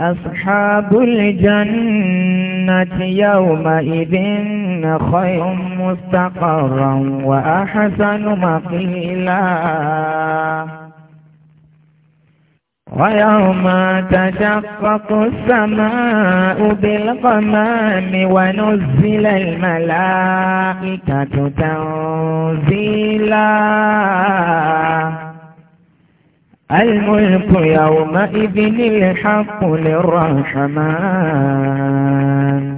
أصحاب الجنة يومئذ خير مستقرا وأحسن مقيلا ويوم تشقق السماء بالغمام ونزل الملائكة تنزيلا الملك يومئذ الحق للرحمن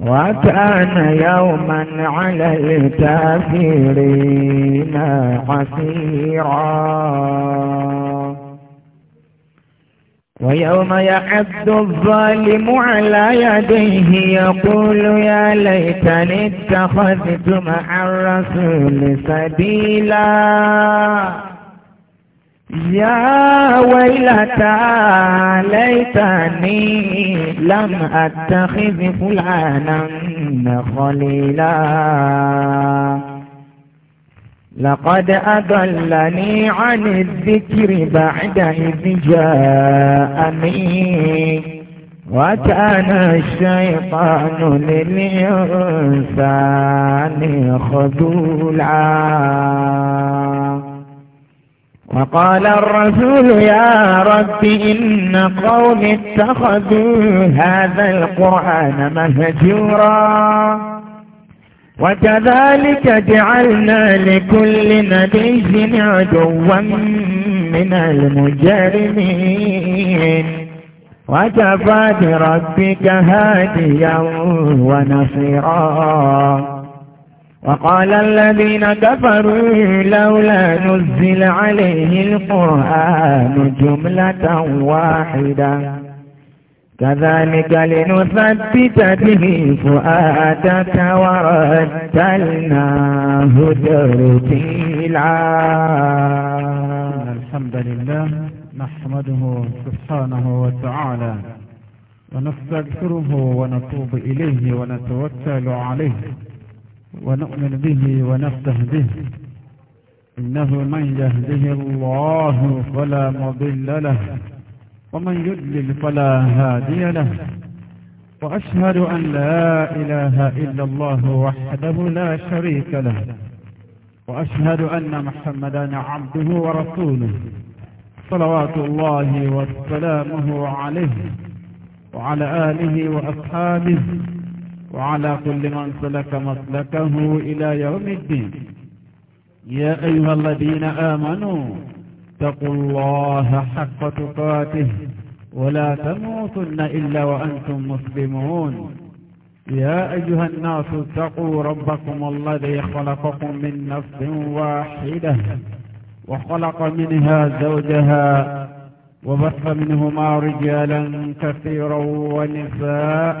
وكان يوما على الكافرين عسيرا ويوم يعد الظالم على يديه يقول يا ليتني اتخذت مع الرسول سبيلا يا ويلتى ليتني لم أتخذ فلانا خليلا لقد أضلني عن الذكر بعد إذ جاءني وكان الشيطان للإنسان خذولا فقال الرسول يا رب إن قوم اتخذوا هذا القرآن مهجورا وكذلك جعلنا لكل نبي عدوا من المجرمين وكفى بربك هاديا ونصيرا وقال الذين كفروا لولا نزل عليه القرآن جملة واحدة كذلك لنثبت به فؤادك ورتلناه ترتيلا الحمد لله نحمده سبحانه وتعالى ونستغفره ونتوب إليه ونتوكل عليه ونؤمن به ونفتح به إنه من يهده الله فلا مضل له ومن يدلل فلا هادي له وأشهد أن لا إله إلا الله وحده لا شريك له وأشهد أن محمدا عبده ورسوله صلوات الله وسلامه عليه وعلى آله وأصحابه وعلى كل من سلك مسلكه إلى يوم الدين يا أيها الذين آمنوا اتقوا الله حق تقاته ولا تموتن إلا وأنتم مسلمون يا أيها الناس اتقوا ربكم الذي خلقكم من نفس واحدة وخلق منها زوجها وبث منهما رجالا كثيرا ونساء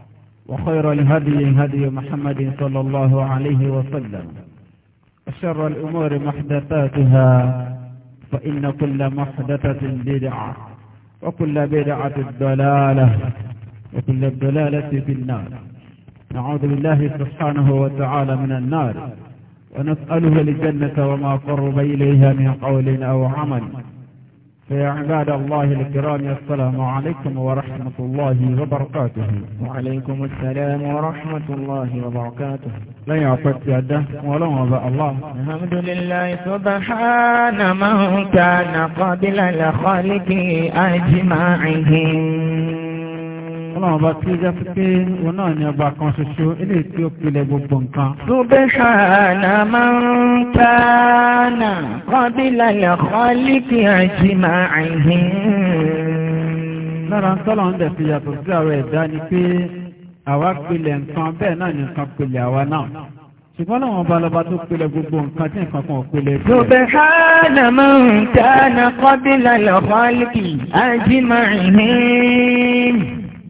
وخير الهدي هدي محمد صلى الله عليه وسلم وشر الأمور محدثاتها فإن كل محدثة بدعة وكل بدعة الضلالة وكل الضلالة في النار نعوذ بالله سبحانه وتعالى من النار ونسأله الجنة وما قرب إليها من قول أو عمل فيا عباد الله الكرام السلام عليكم ورحمة الله وبركاته وعليكم السلام ورحمة الله وبركاته لا يعطيك ده ولا وضع الله الحمد لله سبحان من كان قبل الخلق أجمعهم ọlọ́run ọba tí ó jẹ́ pípé òun náà ni ọba kan ṣoṣo eléyìí tí ó pilẹ̀ gbogbo nǹkan. subhana man kana qabila al-khaliqi ajma'in. lára ń tọ́lọ̀ ń dẹ̀ fi yàtọ̀ sí àwọn ẹ̀dá ni pé àwa pilẹ̀ nǹkan bẹ́ẹ̀ náà nìkan pilẹ̀ àwa náà ṣùgbọ́n àwọn ọba lọba tó pèlẹ̀ gbogbo nǹkan tí nǹkan kan pèlẹ̀ tí ó bẹ̀ hánà máa ń tánà kọ́bílà lọ́kọ́ lìkì ajímọ̀ ìhìn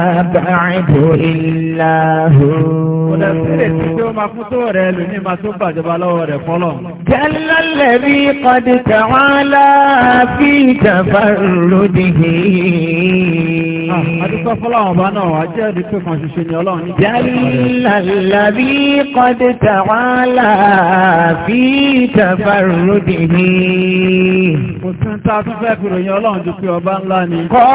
bàdù ìlà hù. Ó lè fẹ́rẹ̀ tí ó máa fún tó rẹ̀ lò ní máa tó gbàjọba lọ́wọ́ rẹ̀ fọ́lọ̀. Jalla alladhi qad ta'ala fi tafarrudihi. Adúgbò ah, fọ́láwọn ọba náà wà jẹ́ ẹ̀dí pé kan ṣiṣẹ́ ni ọlọ́run ní Jàlàlàbí kọ́dé tàwálà fi tàfàrúdì ní. Kò tún ta tún fẹ́ fi ròyìn ọlọ́run ju pé ọba ńlá ni. Kọ́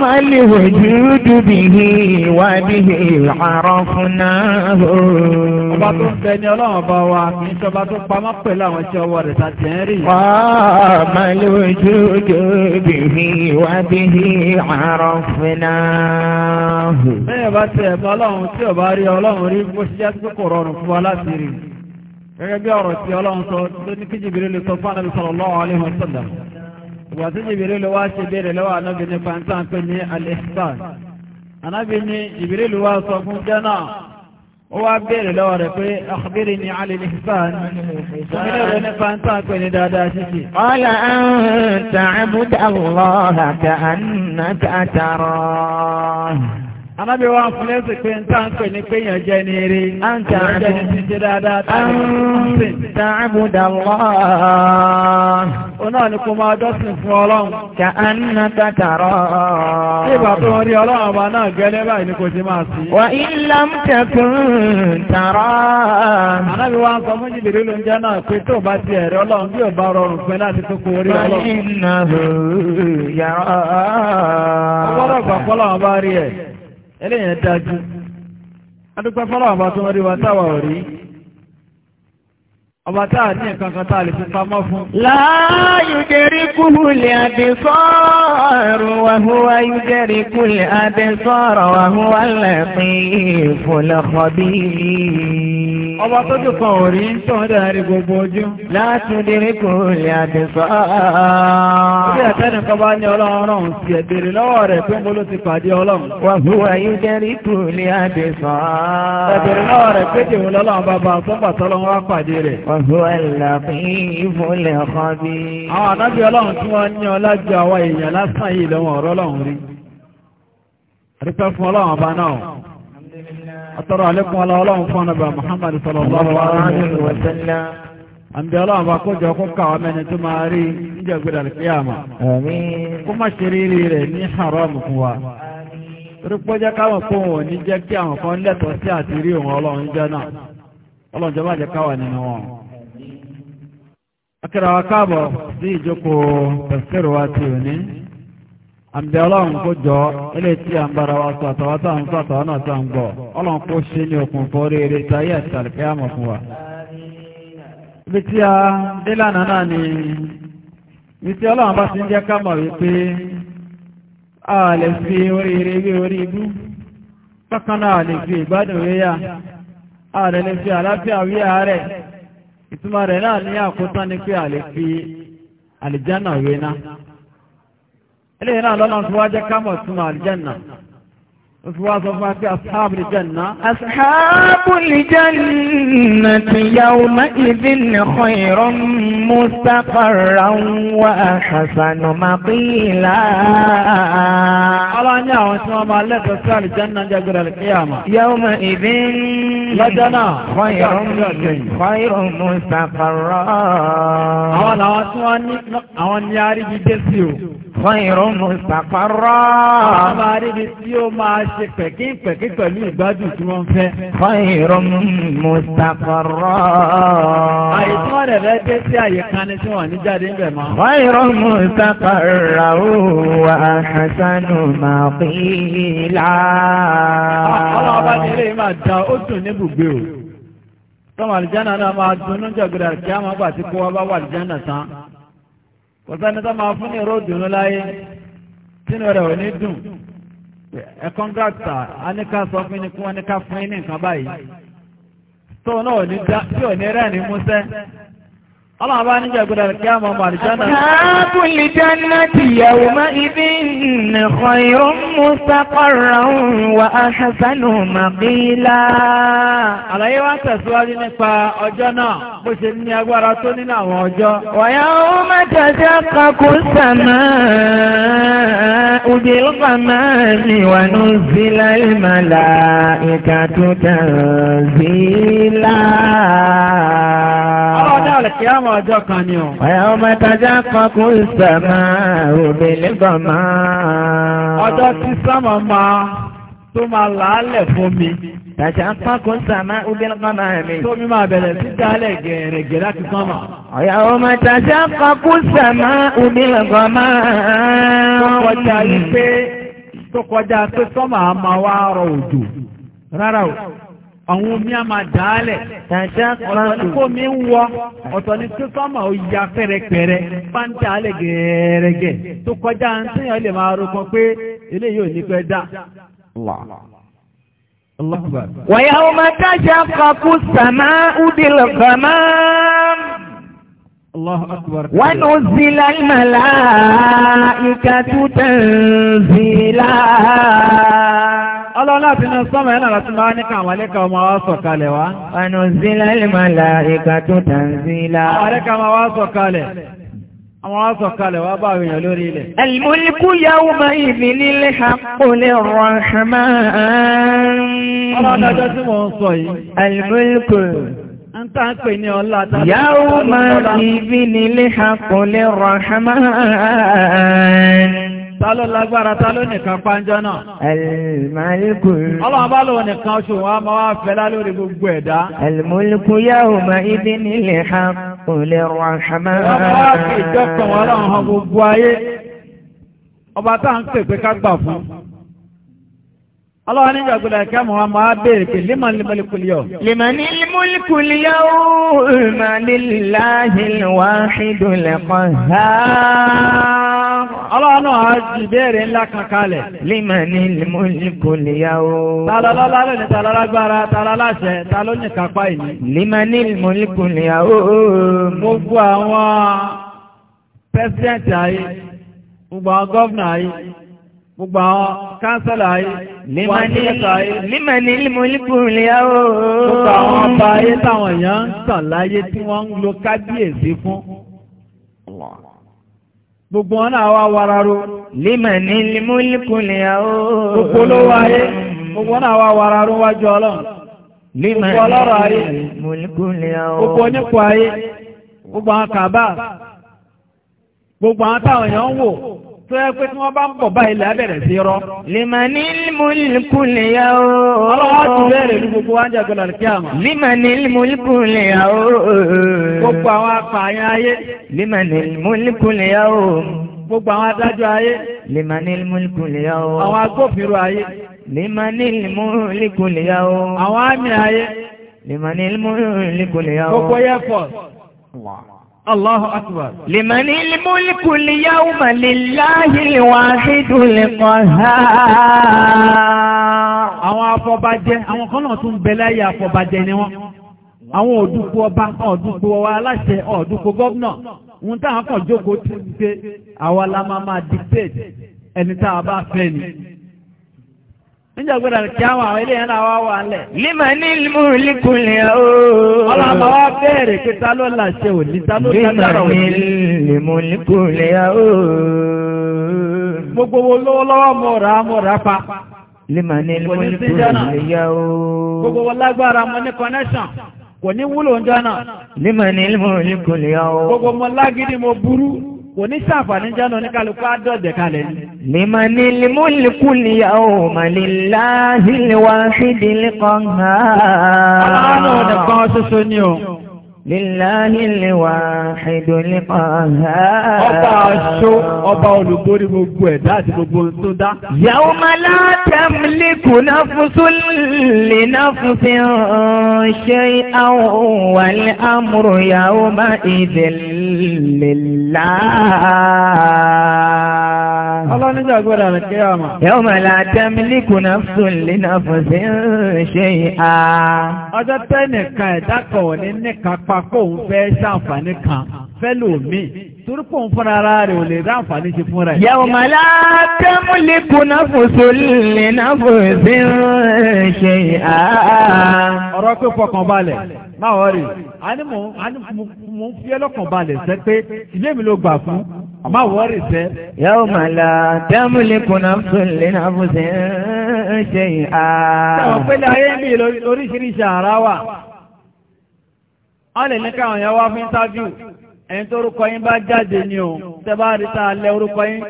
máa lè wò jù dùbì ní ìwádìí ìrọ̀rọ̀ fún náà. Ọba tó ń bẹ ni ọlọ́run ọba wa kì í ṣọba tó pamọ́ pẹ̀lú àwọn iṣẹ́ ọwọ́ rẹ̀ tàbí ẹ̀rí. Kọ́ máa lè wò jù dùbì ní ìwádìí ìrọ̀rọ̀ fún náà. bẹ́ẹ̀ bá tẹ̀ ẹ̀mọ́ ọlọ́run tí ò bá rí ọlọ́run rí bó ṣe jẹ́ tó kò rọrùn fún wa láti rí gẹ́gẹ́ bí ọ̀rọ̀ tí ọlọ́run sọ tó ní kí jìbìrì lè sọ fún àdàbí sọ̀rọ̀ lọ́wọ́ alẹ́ sọ̀dà ìgbà tí jìbìrì lè wá ṣe béèrè lọ́wọ́ anábì ní pàǹtà pé ní alẹ́ ó wá bèèrè lọ́wọ́ rẹ̀ pé akhbiri ni alìlìsàn ìrìnlẹ̀ rẹ̀ nípa ń tàn pè ní dáadáa ṣíṣe. ọlá ń tàbí dáwọ́ ọ̀hàkà annaka Anabi wa ń fúnlé sí pé ń tán pè ní pé yàn jẹ́ ní eré. A ń tààbùdà Allah. Ó náà ni kó máa dọ́sìn fún ọlọ́run. Kà á nà tàtàrọ̀. Tí ìgbà tó ń rí ọlọ́run ọba náà gẹ́lẹ́ báyìí ni kò sí máa sí. Wà ìlàm tẹ̀kùn tàrọ̀. Anábí wa ń sọ fún jìbìrì ló ń jẹ́ náà pé tó bá ti ẹ̀rẹ́ ọlọ́run bí ò bá rọrùn pé láti tó kó orí ọlọ́run. Wà ìnà eléyìn dájú adúpẹ́ fọ́lọ́wọ́n bá tó ń rí wa táwà ò rí ọba táà ní nǹkan kan táà lè fi pamọ́ fún. láàyò jẹ́rí kúlẹ̀ àdẹ́sọ́ọ̀rọ̀ wàhúwá yóò jẹ́rí kúlẹ̀ àdẹ́sọ́ọ̀rọ̀ wàhúwá lẹ́pìn ìfòlẹ́kọ̀bí. ọba tójú kan ò rí tó ń dárí gbogbo ojú. láti dirí kò lè àti sọ. bí ẹ̀fẹ́ nìkan bá ní ọlọ́run sí ẹ̀bẹ̀rẹ̀ lọ́wọ́ rẹ̀ pé mo ló ti pàdé ọlọ́run. wà á wà yóò dẹ́rí kò lè àti sọ. lọ́wọ́ rẹ̀ pé lọ́lọ́run bàbá pàdé rẹ̀. kan bí. àwọn àtọ́rọ̀ àlékún aláwọ̀láwọ̀ fún ọ̀nàbà Muhammad sallallahu alaihi wa sallam àmì ọlọ́run bá kójọ kó kàwà mẹ́ni tó máa rí níjẹ́ gbẹ̀dà kíyàmà kó má ṣe rí rí rẹ̀ ní haram fún wa rúpọ́ jẹ́ káwọn àmì ọlọ́run kó jọ ilé tí a wa sọ àtàwọn tá ń sọ àtàwọn náà tá ń gbọ́ ọlọ́run kó ṣe ní okùn fún oríire àmọ̀ fún wa. ibi tí a dé lánàá ibi tí ọlọ́run bá ti ń jẹ́ wípé a lè fi oríire wé orí ibú náà lè fi a lè lè fi àlàáfíà wí àárẹ̀ ìtumọ̀ rẹ̀ náà ní àkótán ni لهنا لنا سواجة كم واسماء الجنة سواجة ما أصحاب الجنة أصحاب الجنة يومئذ خير مستقرا وأحسن مقيلا الله نعم وانتما ما لك أصحاب الجنة جاقر القيامة يومئذ لجنة خير خير مستقرا أولا وانتما نقل أولا ياري Fọ́yìnrún Mùsàkọ́rọ́. Àwọn máa rí ibi tí ó máa ṣe pẹ̀kínpẹ̀kí pẹ̀lú ìgbádùn tí wọ́n fẹ́. Fọ́yìnrún Mùsàkọ́rọ́. Àyè tí wọ́n rẹ̀ dé sí àyè kan ní tí wọ́n ní jáde ń bẹ̀ mọ́. Fọ́yìnrún Mùsàkọ́rọ́ wà Hasanu Màkìlá. Àwọn ọba nílé máa da ó dùn ní bùgbé o. Tọ́mọ àlìjánà náà máa dunú jọ̀gẹ̀dẹ̀ kí á máa gbà kò tó máa fún ní ìró ìdùnnú láyé tínú rẹ̀ ò ní dùn sọ fún ni kí wọ́n fún ní nǹkan báyìí tó الله بان يقول لك الجنة يومئذ خير مستقرا وأحسن مقيلا على أي وقت سؤال نفا أجنة بسن يقول ويوم تشقق السماء بالغمام ونزل الملائكة تنزيلا àkíyàmọ̀ ọjọ́ kan ni ọ̀. Ẹ̀họ́ mẹ́tajà kan kú ìsẹ̀mà òbí nígbà máa. Ọjọ́ tí sọ́mọ̀ máa tó máa làálẹ̀ fún mi. Tàjà kan kú ìsẹ̀mà òbí nígbà máa máa bẹ̀rẹ̀ sí dálẹ̀ láti kan kú rọ òjò rárá o. àwọn omi a máa dàálẹ̀ ọ̀tọ̀ ní kó mi ń wọ ọ̀tọ̀ ní tó sọ́mà ó ya fẹ́rẹ̀pẹ̀rẹ̀ bá ń dàálẹ̀ gẹ̀ẹ́rẹ́gẹ̀ tó kọjá ń tíyàn lè máa rọ̀kan pé eléyìí ò ní pẹ́ dá. ويوم تشقق السماء بالغمام الله أكبر ونزل الملائكة تنزيلا Ọlọ́lá ti náà sọ́mọ̀ ẹ̀nà láti máa ní kàwọn alẹ́kà ọmọ wa sọ̀kalẹ̀ wá. Ọ̀nà òzílá lè máa la ìkà tó tàǹzílá. Àwọn alẹ́kà máa wá sọ̀kalẹ̀. Àwọn wa sọ̀kalẹ̀ wá bá Ta ló lágbára ta ló nìkan pánjọ́ náà? Ẹ̀lmọ́lùkù. Ọlọ́run bá lò nìkan oṣù wọn máa wá fẹ́ lálórí gbogbo ẹ̀dá. Ẹ̀lmọ́lùkù yóò mọ ibi nílẹ̀ ha kò lè rọ àmà. Ọba táà ń pè pé ká gbà fún. Ọlọ́run ní ìjọ̀gbìlẹ̀ ẹ̀kẹ́ Mùhàmmá bèèrè pé lè máa nílùú mọ́lìkùlìyọ̀. Lè máa nílùú mọ́lìkùlìyọ̀ òòrùn àlèláhìlwà ṣídùnlẹ̀kọ́ ha. Ọlọ́run náà jì bèèrè ńlá kan kalẹ̀. Lè máa nílùú mọ́lìkùlìyọ̀ òòrùn. Tàlọ́lọ́lá lónìí tàlọ́lágbára tàlọ́láṣẹ tàlónìí kápá ìní. Lè máa nílùú mọ́lìkùlìyọ̀ òòrùn. Gbogbo àwọn pẹ́sidẹ̀ntì ayé, gbogbo àwọn gọ́ọ̀nà ayé, gbogbo àwọn kánsọ́lá ayé límẹ̀ni límọ̀lípù ìlẹ́yàwó gbogbo àwọn ọba ayé táwọn èèyàn ń tàn láyé tí wọ́n ń lo kábíyèsí fún gbogbo wọn náà wá wararo límẹ̀ni límọ̀lípù ìlẹ́yàwó gbogbo olówó ayé gbogbo náà wá wararo wájú ọlọ́run gbogbo ọlọ́rọ̀ ayé gbogbo ayé gbogbo àwọn tó yẹ pé tí wọ́n bá ń bọ̀ báyìí lábẹ̀rẹ̀ sí rọ́. limanil mulku liyao. ọlọ́wọ́ ti bẹ̀rẹ̀ ní gbogbo wa ń jẹ́ gbọ́dọ̀ kí àmọ́. limanil mulku liyao. gbogbo àwọn apààyàn ayé. limanil mulku liyao. gbogbo àwọn adájọ́ ayé. limanil mulku liyao. àwọn àwọn àmì ayé. limanil mulku liyao. gbogbo yẹ fọ. Allahu akbar. Lèmọ̀ní múlùkù lè yá ọmọ lè láàyè wà nínú lẹ́kọ̀ọ́ ha. Àwọn afọbajẹ, àwọn kan náà tún bẹ láyé afọbajẹ ni wọ́n. Àwọn òdúkú ọba, òdúkú ọwá aláṣẹ, òdúkú gọ́vnà. Wọ́n táwọn kan jókòó tí ó ti pé àwa la máa máa dictate ẹni tá a bá fẹ́ ni níjàgbọ́dà kí àwọn àwọn ilé yẹn wá wà lẹ̀. lima ní ilmu likunle o. ọlọ́mọ wa bẹ̀rẹ̀ pé ta ló là ṣe òní ta ló dájọ́rọ̀ òní. lima ní ilmu likunle o. gbogbo wo lọ́wọ́lọ́wọ́ mo rà mo rà pa. lima ní ilmu likunle o. gbogbo wo lágbára mo ní connection kò ní wúlò ń jọ náà. lima ní ilmu likunle o. gbogbo mo lágídí mo burú kò ní sàfàní jẹ́nu oníkálukú àdọ́jẹ̀ kalẹ̀ ní. Mímọ̀ ní límúlìkú ni yàó màlìlá ìlúwà sídìlì kan hàn. Ọlọ́run ọ̀dẹ̀kan ṣoṣo ni o. Líláhí lèwà ìdò nípa ààrẹ. Ọba aṣó, ọba olùgbórí gbogbo ẹ̀dá àti gbogbo tó dá. Yàwó máa látẹ̀m líkù náà fún súnlẹ̀ náà fún fi ṣe àwọn wà ní àmúrò yàwó máa ìdè lèlá. Ọlọ́níjà gbọ́dọ̀ rẹ̀ kí a mọ̀. Yàwó máa látẹ̀m líkù náà súnlẹ̀ náà fún fi ṣe à. Ọjọ́ tẹ́nìkan ẹ̀dá kọ̀ọ̀ ní níkàkọ́ nípa pé òun fẹ́ ṣàǹfààní kan fẹ́lò mi torí pé òun fúnra ara rẹ̀ ò lè rí àǹfààní ṣe fúnra ẹ̀. yàwó màlá tẹ́mú lè kùnà fòṣò lè náà fòṣì ń ṣe à. ọ̀rọ̀ pé fọkàn balẹ̀ máa wọ́n rí i mo ń fi ẹlọ́kàn balẹ̀ sẹ́ pé ilé mi ló gbà fún àmá wọ́n rí sẹ́. yàwó màlá tẹ́mú lè kùnà fòṣò lè náà fòṣì ń ṣe à. sọ̀rọ̀ pé mi lóríṣiríṣi àrá wà a lè ní káwọn yẹn wá fún interview ẹni tó orúkọ yín bá jáde ní o tẹ́bá rí ta orúkọ yín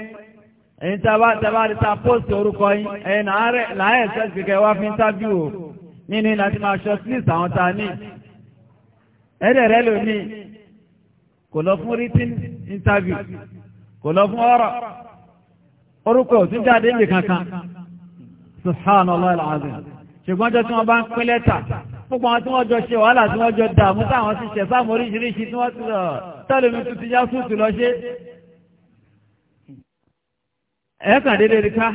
ẹni tẹ́bá rí ta orúkọ yín ẹni láàyè sẹ́sì wá fún interview o nínú láti máa shortlist àwọn ta ní ẹ̀rẹ̀ rẹ̀ lómi kò lọ fún written interview kò lọ fún ọ̀rọ̀ orúkọ ò jáde nìkankan subhanallah ṣùgbọ́n jẹ́ tí wọ́n bá ń pín lẹ́tà gbogbo àwọn tí wọ́n jọ ṣe wàhálà tí wọ́n jọ dààmú táwọn ti ṣẹ̀ sáàmù oríṣiríṣi tí wọ́n ti lọ tẹ́lẹ̀ mi tún ti yá súùtù lọ ṣe. ẹ̀ kàn déédéé rí ká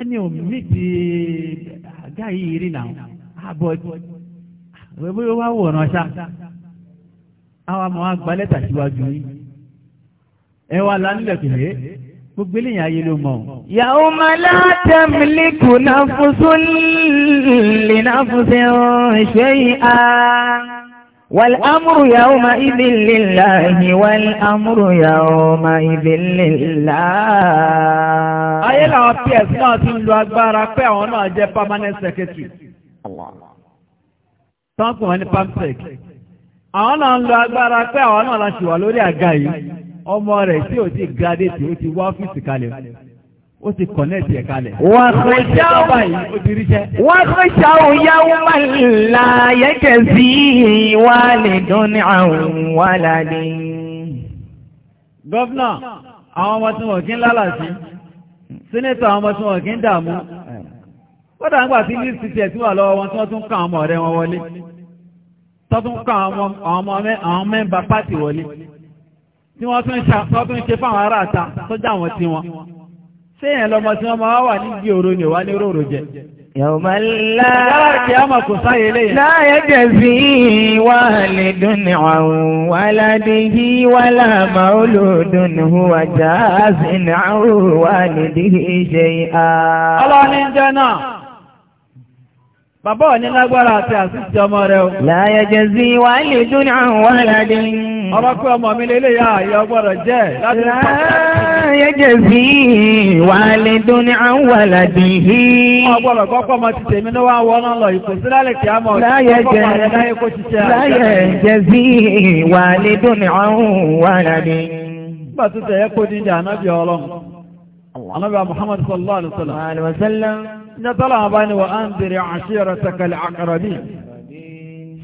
ẹni ò mí ti àgá yìí rí nà àbọ̀ ìwé wá wòran ṣá àwọn àmọ́ àgbálẹ́ta síwájú yìí ẹ wá lánìlẹ̀kùn yìí. Gbogbo eléyìn ayé ló mọ̀. Yàwó máa látẹ̀mí líkù náà fún sólè náà fún sí ṣe ìhà. Wàl'amúrù yàwó máa ibi lèláàhì, wàl'amúrù yàwó máa ibi lèláàhì. Ayé làwọn PS náà ti ń lo agbára pé àwọn náà jẹ́ permanent secretary. Tọ́kùn wọn ní PAMSEC. Àwọn náà ń lo agbára pé àwọn náà láṣìwà lórí àga yìí ọmọ rẹ̀ tí ò ti gradé tí ó ti wá ọ́fíìsì kalẹ̀ ó ti kọ̀nẹ́ẹ̀tì ẹ̀ kalẹ̀. wọ́n fi ṣáwó wọ́n fi ṣáwó yáwó màlá yẹ́kẹ̀ sí wà lè dún ní àwọn wà lálé. gọ́fúnà àwọn ọmọ tí wọ́n kí ń lálàsí sínítọ̀ àwọn ọmọ tí wọ́n kí ń dààmú kódà ń gbà sí ní ìsìtì ẹ̀ tí wà lọ́wọ́ wọn tí wọ́n tún kàn ọmọ ọ̀rẹ́ wọn wọlé tọ́tún kàn àwọn ọmọ mẹ́mbà pátì wọlé tí wọ́n tún ṣe fáwọn ará àta tó já wọn tí wọn ṣé èèyàn lọmọ tí wọ́n máa wà nídìí òru ni wà ní róró jẹ bàbá ò ní lágbára àti àsìsì ọmọ rẹ̀ o. Láyé jẹ̀sí wà lè dúnnì àwọn wàládìí ọmọ pé ọmọ mi lè léyà ìyá ọgbọ́dọ̀ jẹ́ láti yẹ́jẹ̀ sí wàlẹ̀ tó ní àwọn wàlàdì yìí. ọgbọ́dọ̀ kọ́kọ́ mọ ti tèmi ní wá wọ́n náà lọ ìkòsílẹ̀ kí á mọ̀ láyẹ̀jẹ̀ sí wàlẹ̀ tó ní àwọn wàlàdì. nígbà tó tẹ̀yẹ́ kó dídí ànábì ọlọ́run ànábì ní tọ́lá àbáni wa á ń bèrè àṣírà takàlẹ̀ àkàrà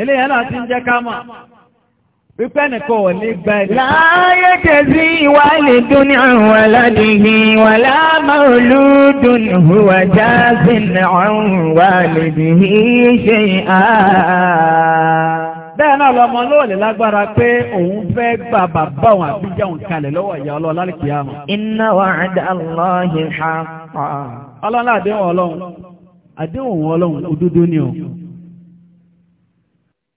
eléyàn náà ti ń jẹ́ ká mọ̀ pípẹ́ nìkan ò ní gba ẹ̀dẹ̀. láàyè tẹ̀sí ìwà lè dún ní àwọn aládìhí wà láàmà olúdùn ìhùwà jáàsì ní wà lè ṣe à. bẹ́ẹ̀ náà lọmọ náà lè lágbára pé òun fẹ́ gba bàbá òun àbíjà òun kalẹ̀ lọ́wọ́ ìyá ọlọ́ lálẹ́kìyàmọ̀. inna wa'da Allahi haqqa. ọlọ́run àdéhùn ọlọ́run àdéhùn ọlọ́run òdodo ni o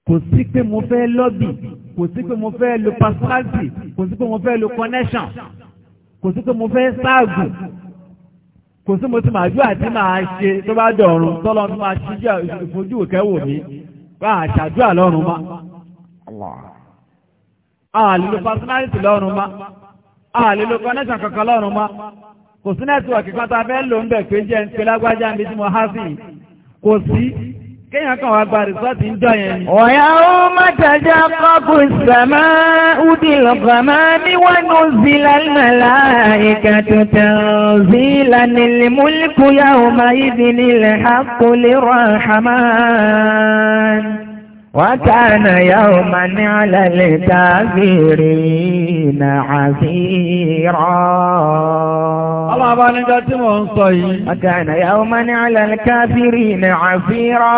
kò sí pé mo fẹ́ lọ́bì kò sí pé mo fẹ́ lo personality kò sí pé mo fẹ́ lo connection kò sí pé mo fẹ́ ṣáàgùn kò sí mo ti màá ju àti màá ṣe tó bá dọ̀rùn tọ́lọ́ tó máa ṣíjú ìfojú ìkẹ́wò mi bá a ṣàdúrà lọ́rùn ma. a lè lo personality lọ́rùn ma a lè lo connection kankan lọ́rùn ma kò sí nẹ́tíwọ̀kì kan tá a fẹ́ lò ń bẹ̀ pé jẹ́ ń pe lágbájá níbi tí mo há sí kò sí. Kéèyàn kan wà gba rìsọ́ọ̀tì ń jọ yẹn ni. Ọ̀yà ó má tàjà kọ́kù sàmá údì lọ́gbàmá ní wọ́n nù sí ìkà tuntun sí lánà lè múlíkù yà ó má yí وكان يوما على الكافرين عسيرا وكان يوما على الكافرين عسيرا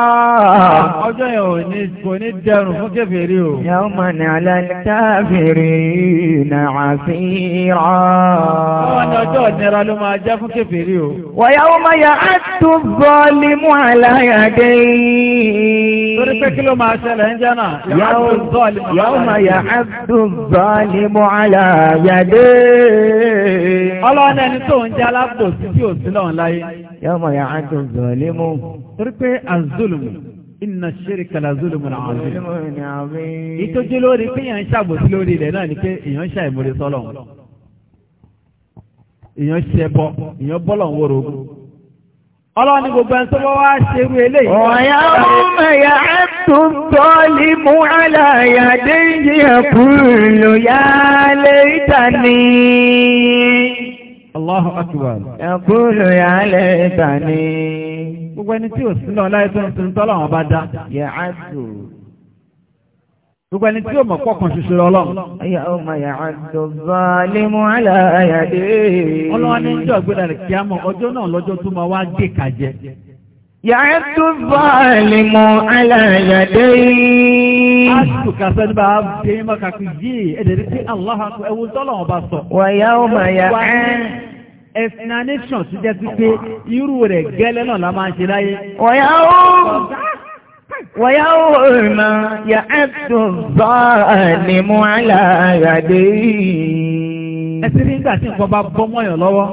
يوما على الكافرين عسيرا ويوم يعد الظالم على يديه torí pé kí ló máa ṣẹlẹ̀ ń jẹ́nà yàó ma yà ábdùbọ́ọ̀lì mọ́ aláyàdé ọlọ́run ẹni tó ń jẹ́ alábòsí tí ò sí lọ́n láyé yàó ma yà ábdùbọ́ọ̀lì mọ́ torí pé àzúlùmù inna ṣíríkà lázúlùmù àzúlùmù ìtójú lórí pé èèyàn ń ṣàbòsí lórí ilẹ̀ náà ni pé èèyàn ń ṣàìmúrí sọ́lọ̀ èèyàn ṣẹbọ èèyàn bọ́lọ̀ ń wọ́rọ̀ Ọlọ́run ni gbogbo ẹni tó bọ́ wá ṣe irú eléyìí. Ọ̀yá ọmọ ya tó tọ́ lè mú aláyàdé yẹ kúrò yá lè ìta ní. Allahu akbar. Yẹ kúrò yá Gbogbo ẹni tí ò sí lọ láì ń sin tọ́lọ̀ wọn bá dá. Yẹ á dùn. Gbogbo ẹni tí ó mọ̀ pọ̀kan ṣoṣo ọlọ́run. Ayá ọmọ yàrá dọ̀bà lè mú aláyàdé. Ọlọ́wọ́ ní ìjọ ìgbéra rẹ̀ kí á mọ̀ ọjọ́ náà lọ́jọ́ tó máa wá gé kàjẹ. Yàrá dọ̀bà lè mú aláyàdé. Aṣù kàfẹ́ ní bá dé mọ́ka kú yìí, ẹ̀dẹ̀ rí sí Allah ẹwù tọ́lọ̀wọ̀n bá sọ. Wàyá ọmọ yàrá explanation ti jẹ́ pípé irú rẹ̀ gẹ́lẹ́ náà ويوم يعد الظالم على يديه ẹ̀sìn nígbà tí nǹkan bá bọ́ mọ́yàn lọ́wọ́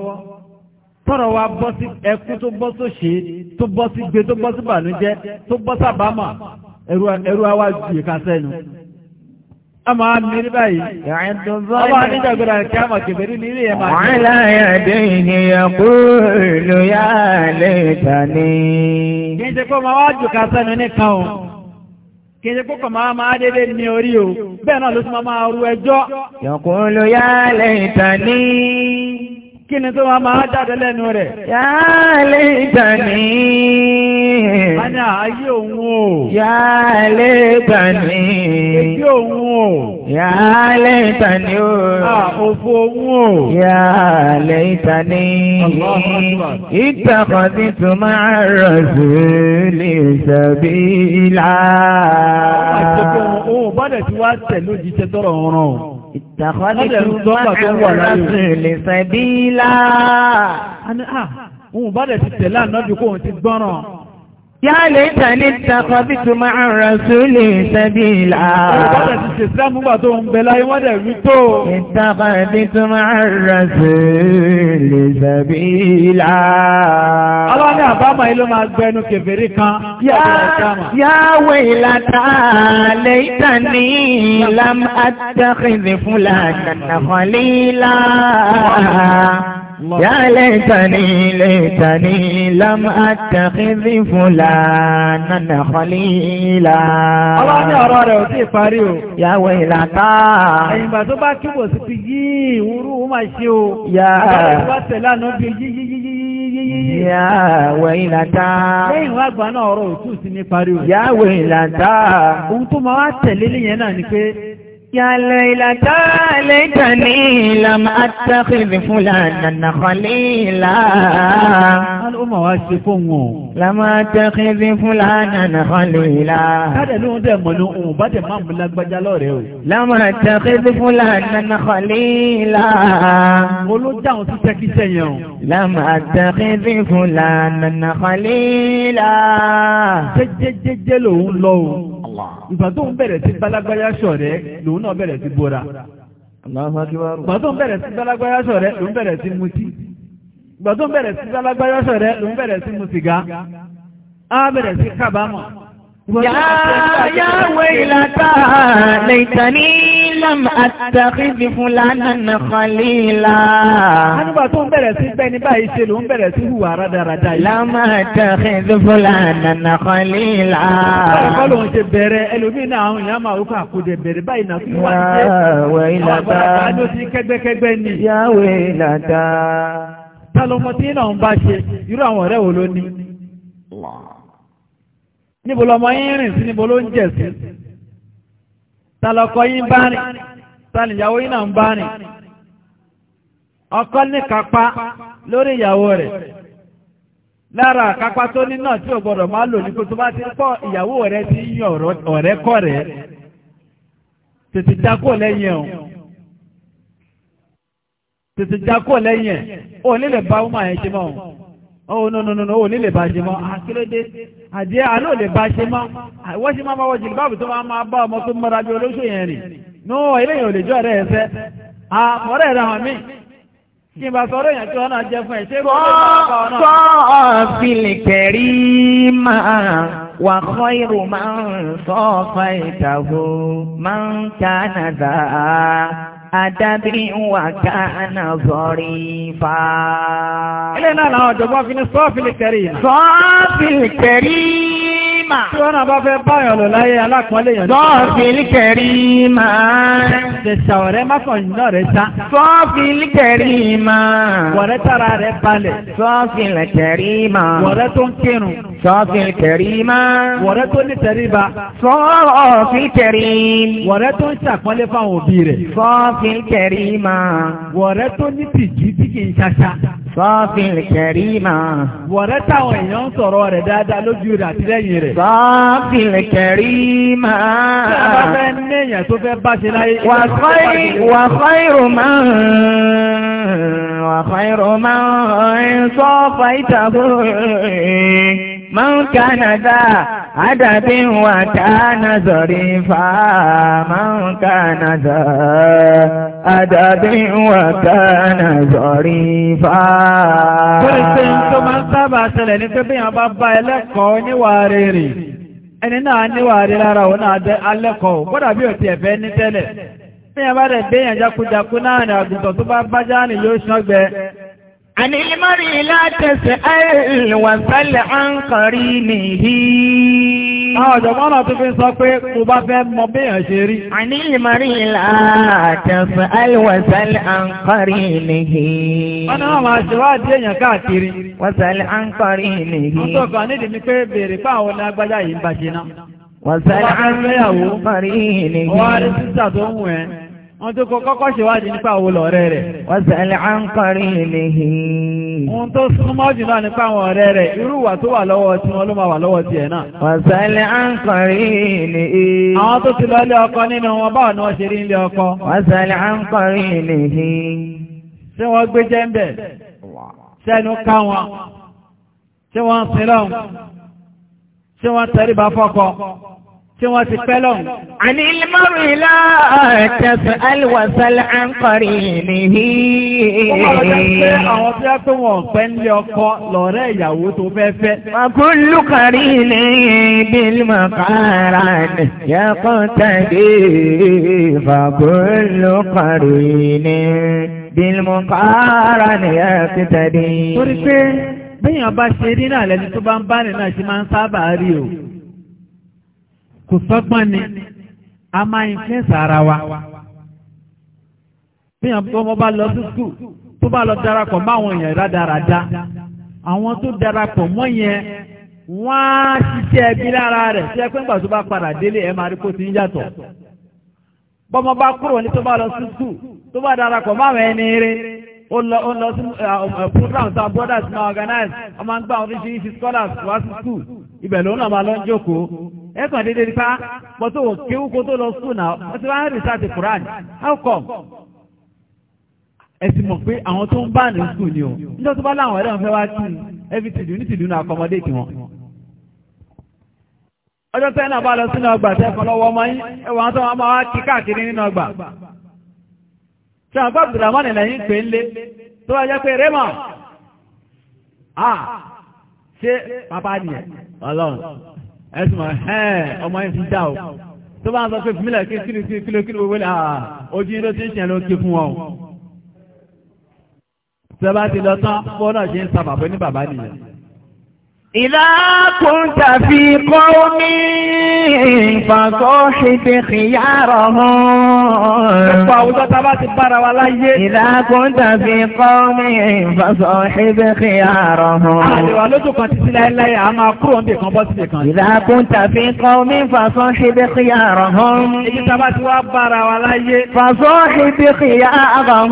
tọ́rọ̀ wa bọ́ sí ẹkú tó bọ́ sóṣe tó bọ́ sí gbé tó bọ́ sí bànújẹ́ tó bọ́ sábàámà ẹ̀rù àwa jù ìkásẹ́nu a máa mírí báyìí a máa ní jàgbọ́dà kí a máa kèbèrè ní ilé ẹ̀mà wọ́n láyàdé ènìyàn kú ló yá lè tà ní kí n ṣe pọ́ máa wá jù ká sẹ́nu nìkan o kí n ṣe pọ́ máa máa dédé ní orí o bẹ́ẹ̀ náà ló tún máa rú ẹjọ́ yọ̀kú ló yá lè tà ní kí ni tó máa máa jáde lẹ́nu rẹ̀ yá lè tà ní a ní ààyè òun o. yálé bani. èyí òun o. yálé bani o. òfò òun o. yálé tani. ìtàkọ̀sí tó máa rọ̀ sí lè sàbí ilá. òun bọ́dẹ̀ tí wá tẹ̀ lójijì tẹ́tọ́rọ̀ ọ̀ràn o. ìtàkọ̀sí tó máa rọ̀ sí lè sàbí ilá. òun bọ́dẹ̀ ti tẹ̀lé ànájú kóun ti gbọ́ràn. Yá lè tàní takọ bí tó máa ń rasú lè sẹ́bí ìlà. Ọ̀pọ̀lọpọ̀ bí tó máa ń rasú lè sẹ́bí ìlà. Ọlọ́run ní àbámọ̀ ilé máa gbẹnu kèfèrí kan. Yá wẹ̀ ìlàtà lè tàní ìlàmù àtàkìzì fúlànà nàkọ̀lélà. يا ليتني ليتني لم أتخذ فلانا خليلا ọlọ́run ní ọ̀rọ̀ rẹ̀ ò tí ì parí o. yà wẹ̀látà. ìgbà tó bá kíbò sí ti yí ìwúrú ó máa ṣe o. yà wá tẹ̀lé àná bí yíyíyíyíyíyí. yà wẹ̀látà. lẹ́yìn wá gbà náà ọ̀rọ̀ òtún sí ní parí o. yà wẹ̀látà. ohun tó máa wá tẹ̀lé nìyẹn náà ni pé يا ليلة ليتني لم أتخذ فلانا خليلا الأمة واسفون لم أتخذ فلانا خليلا هذا لون ده منو بعد ما ملك بجالوره لم أتخذ فلانا خليلا قولوا جاو تسكي سيو لم أتخذ فلانا خليلا جج جج لون لون Ìgbà tó ń bẹ̀rẹ̀ sí balagbaya ṣọ̀rẹ́ lòun náà bẹ̀rẹ̀ sí bóra. Ìgbà tó ń bẹ̀rẹ̀ sí balagbaya ṣọ̀rẹ́ lòun bẹ̀rẹ̀ sí mutí. Ìgbà tó ń bẹ̀rẹ̀ sí balagbaya ṣọ̀rẹ́ lòun bẹ̀rẹ̀ sí mu sìgá. bẹ̀rẹ̀ sí kábàámọ̀. Yàá yàá wẹ̀ lẹ́tàní lam àtàkìdì fúlànà nà kọ́lílà. Anúgbà tó ń bẹ̀rẹ̀ sí bẹ́ẹ̀ ní báyìí ṣe ló ń bẹ̀rẹ̀ sí hùwà rádaràda yìí. Lam àtàkìdì fúlànà nà kọ́lílà. Báyìí ló ń ṣe bẹ̀rẹ̀ ẹlòmíì náà àwọn èèyàn máa wúkọ̀ àkójẹ bẹ̀rẹ̀ báyìí náà fún wa ní jẹ́. ìlàdá. Yàwé ìlàdá. Tálọ́mọ tí náà ń bá ṣe, irú àwọn ọ̀rẹ́ wo ló ní? Níbo lọmọ yín rìn sí níbo ló ń jẹ̀ sí? sàlọkọ yín bá rìn yín náà ń bá ọkọ ní kápá lórí ìyàwó rẹ̀ lára àkápá tó ní náà tí ò gbọdọ̀ máa lò ní tó bá ti pọ̀ ìyàwó rẹ̀ ti ń yan ọ̀rẹ́ kọ́ rẹ̀ tètè jákò lẹ́yìn tètè jákò nílẹ̀ oh no no no no oh, ní ah, lè bá ṣe mọ́ àkílódé àdí àánú lè bá ṣe mọ́ wọ́n ṣe máa bá wọ́n jìlì báàbù tó máa bá ọmọ tó mọ́ra bí olóṣù yẹn rìn no eléyìn ò lè jọ rẹ̀ ẹ̀fẹ́ àmọ́rẹ̀ ah, rẹ̀ hàn mí kí n bá sọ ọ́rọ̀ èèyàn tí wọ́n jẹ fún ẹ̀ ṣé kò sọ ọ̀fìlì kẹrí máa wà kọ́ irú máa ń sọ ọ̀fà ìtàgò máa ń kánàdà àdábìrì ń wà káànà sọ̀rí fa. Ilé náà làwọn ọ̀jọ̀gbọ́n fi ní sọ́ọ̀fì kẹrí. Sọ́ọ̀fì kẹrí mà. Tí wọ́n náà bá fẹ́ báyọ̀ lọ láyé alákọ̀ọ́lẹ̀ yàn. Sọ́ọ̀fìlì kẹ̀rí máa. Ṣèṣà ọ̀rẹ́ mákànlá rẹ̀ ta. Sọ́ọ̀fìlì kẹ̀rí máa. Wọ̀rẹ́ tara rẹ̀ balẹ̀. Sọ́ọ̀fìlì kẹ̀rí máa. Wọ̀rẹ́ tó ń kírun. Sọ́ọ̀fìlì kẹ̀rí máa. Wọ̀rẹ́ tó ní tẹríba. Sọ́ọ̀fìlì kẹ̀rí. Wọ̀rẹ́ tó ń ṣàpọ́nlé fáwọn òbí rẹ̀. Sọ́ọ̀fìlì kẹ̀rí sáàfìlì kẹrí máa. Tí a bá fẹ́ ní èèyàn tó fẹ́ bá ṣe láyé. Wà fáìrò máa máa ń sọ fàìtàbó. من كان ذا عدد وكان ظريفا من كان ذا عدد وكان ظريفا Kúrìsí tó máa ń sábà ṣẹlẹ̀ ní pé bí wọ́n bá bá ẹlẹ́kọ̀ọ́ níwà rèrè, ẹni náà níwà rè lára òun náà alẹ́kọ̀ọ́, kódà bí ò ti ẹ̀fẹ́ ní tẹ́lẹ̀. Bí wọ́n bá rẹ̀ gbé عن المرء لا تسأل وسل عن قرينه Àwọn ọ̀jọ̀gbọ́n náà tó fi sọ pé kò bá fẹ́ mọ bí èèyàn ṣe rí. A ní ìmọ̀rí látẹ̀fẹ́ alwọ̀sẹ̀lẹ̀ àǹkọ̀rí nìyí. Wọ́n náà máa ṣèwádìí èèyàn káàkiri. Wọ̀sẹ̀lẹ̀ àǹkọ̀rí nìyí. Wọ́n tó kàn nídìí ni pé béèrè pé àwọn olágbájá yìí ń bá ṣe náà. Wọ̀sẹ̀lẹ̀ àǹkọ̀rí nìyí. Wọ́n á rí sísà tó ń wù ẹ́. wọ́n tó kọkọ kọ́kọ́ ṣèwádìí nípa àwọn ọ̀rẹ́ rẹ̀. wọ́n sẹ́lẹ̀ á ń kọrin ìlèhì. ohun tó súnmọ́ jù náà nípa àwọn ọ̀rẹ́ rẹ̀ irú tó wà lọ́wọ́ tí wọ́n ló máa wà lọ́wọ́ tiẹ̀ náà. wọ́n sẹ́lẹ̀ ń kọrin ìlèhì. àwọn tó ti lọ ilé ọkọ nínú wọn báwo ni wọ́n ṣe rí ilé ọkọ. wọ́n sẹ́lẹ̀ ń kọrin ìlèhì. ṣé wọ́n gbé tí wọ́n ti pẹ́ lọ́hùn. Àní ilmọ́rù ilá tẹ̀sán alwàsálà ń kọrí nìyí. Àwọn tí a tó wọn pẹ́ ń lé ọkọ lọ́rẹ́ ìyàwó tó fẹ́ fẹ́. Àkúlù kọrí ní bílmọ̀ kára ni yẹ́kọ́ tẹ̀lé fàkúlù kọrí ní bílmọ̀ kára ni yẹ́kọ́ Torí pé bẹ́yàn bá ṣe rí náà lẹ́ni tó bá ń bá nínú àti máa ń sábà rí o kò sọ́gbọ́n ni a máa influence ara wa bíyàn tó ọmọ bá lọ sí skul tó bá lọ darapọ̀ mọ́ àwọn èèyàn rádaràda àwọn tó darapọ̀ mọ́ yẹn wọ́n á ṣiṣẹ́ ẹbí lára rẹ̀ tí ẹ pé ńgbà tó bá padà délé ẹ máa rí kó ti ń yàtọ̀ bọ́mọ bá kúrò ní tó bá lọ sí skul tó bá darapọ̀ mọ́ àwọn ẹni eré ó lọ ó lọ sí um, um, program tá brothers máa organize ọmọ ń gbà oríṣiríṣi scholars wá sí skul ibẹ̀ lòun náà máa lọ ń jókòó ẹ̀kàn dédé nípa pọ̀tò kéwúkó tó lọ sùn náà wọ́n ti wá ń rìsáàtì Quran how come ẹ̀sìn mọ̀ pé àwọn tó ń bá ní sùn ni o níjọ́ tó bá láwọn ẹ̀rọ fẹ́ wá sí ẹbí tìlú ní tìlú náà kọmọdé kí wọn. ọjọ́ tẹ́ náà bá lọ sínú ọgbà tẹ́ kan lọ́wọ́ ọmọ yín ẹwà tó wọn máa wá kí káàkiri nínú ọgbà. ṣé ah, ṣé bàbá nìyẹn ọlọ́run ẹ̀sùn mọ̀ ẹ̀ ọmọ yẹn ti dá o tó bá ń sọ pé fúnmílẹ̀ kí kílò kílò kílò wọlé àà ojú yìí ló ti ń ṣẹ̀lẹ̀ òkè fún wọn o. sẹ́bà ti lọ tán bọ́ọ̀nà ṣe ń sa bàbá ní bàbá nìyẹn. إذا كنت في قوم فصاحب خيارهم إذا كنت في قوم فصاحب خيارهم إذا كنت في قوم فصاحب خيارهم فصاحب خيارهم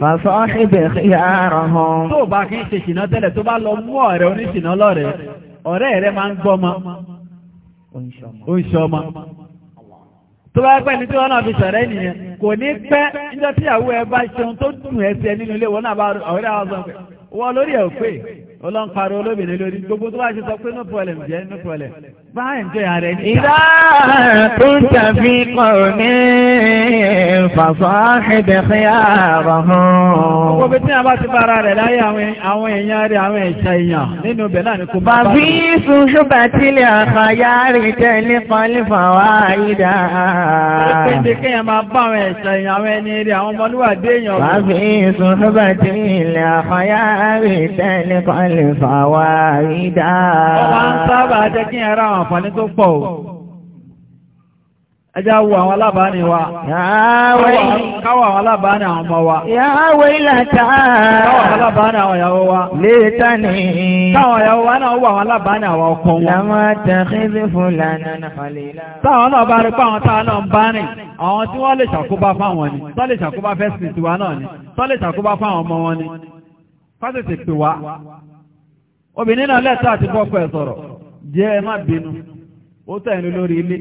فصاحب sọ́ọ́ṣìbẹ̀ yára hàn. Tó bá kí ń ṣe ṣìnà tẹ́lẹ̀ tó bá lọ mú ọ̀rẹ́ oníṣìnà lọ́rẹ̀, ọ̀rẹ́ rẹ̀ máa ń gbọ́mọ. Ó ń ṣọmọ. Tó bá pẹ́ ní tí wọ́n náà fi ṣọ̀rẹ́ nìyẹn, kò ní pẹ́ níjọ́ tíyàwó ẹ bá ṣeun tó dùn ẹ nínú ilé wọn náà bá ọ̀rẹ́ àwọn ọ̀sán pẹ̀. Wọ́n lórí ẹ̀ ò ọlọ́nparí olóbìnrin lórí gbogbo tó wá ṣe sọ pé no problem jẹ́ no problem bá ẹ̀jọ́ ìyá rẹ̀ ní ìdá tó ń tàbí kọ̀ ní fàfọ́ ẹ̀dẹ̀kẹ́yà rọ̀ hàn. gbogbo bí tí a bá ti bára rẹ̀ láyé àwọn èèyàn rẹ̀ àwọn ẹ̀ṣẹ̀ èèyàn nínú ibẹ̀ náà ni kò bá bá. bàbí sunṣuba tilẹ̀ àkàyà rẹ̀ tẹ́lẹ̀ pọ́lì fàwa ìdá. pépéǹde kéèyàn máa bá àwọn ẹ̀ṣẹ̀ èèyàn àwọn ẹni rẹ̀ àwọn ọmọlúwàdé èèyàn. bàbí sunṣuba tilẹ̀ àkàyà rẹ̀ tẹ́lẹ̀ àlèfàwà ìdá. Ọba ń sábà jẹ́ kí ẹ̀rọ àwọn àǹfààní tó pọ̀ o. Ẹjá wo àwọn alábàání wa. Káwọ̀ àwọn alábàání àwọn ọmọ wa. Yàwó ìlàtà. Káwọ̀ àwọn alábàání àwọn ìyàwó wa. Létà ni. Káwọn ìyàwó wa náà wọ àwọn alábàání àwọn ọkọ wọn. Làwọn àtẹ̀kẹ́sí fúlànà nàfàlélà. Táwọn náà bá rí pé táwọn náà ń bá rìn. Àwọn tí wọ́n lè ṣàkóbá fáwọn ni. Tọ́ ṣàkóbá fẹ́sìn obìnrin náà lẹ́tọ́ àti bọ́pọ̀ ẹ̀ sọ̀rọ̀ jẹ́ ẹ má bínú ó tẹ̀yìn lórí ilé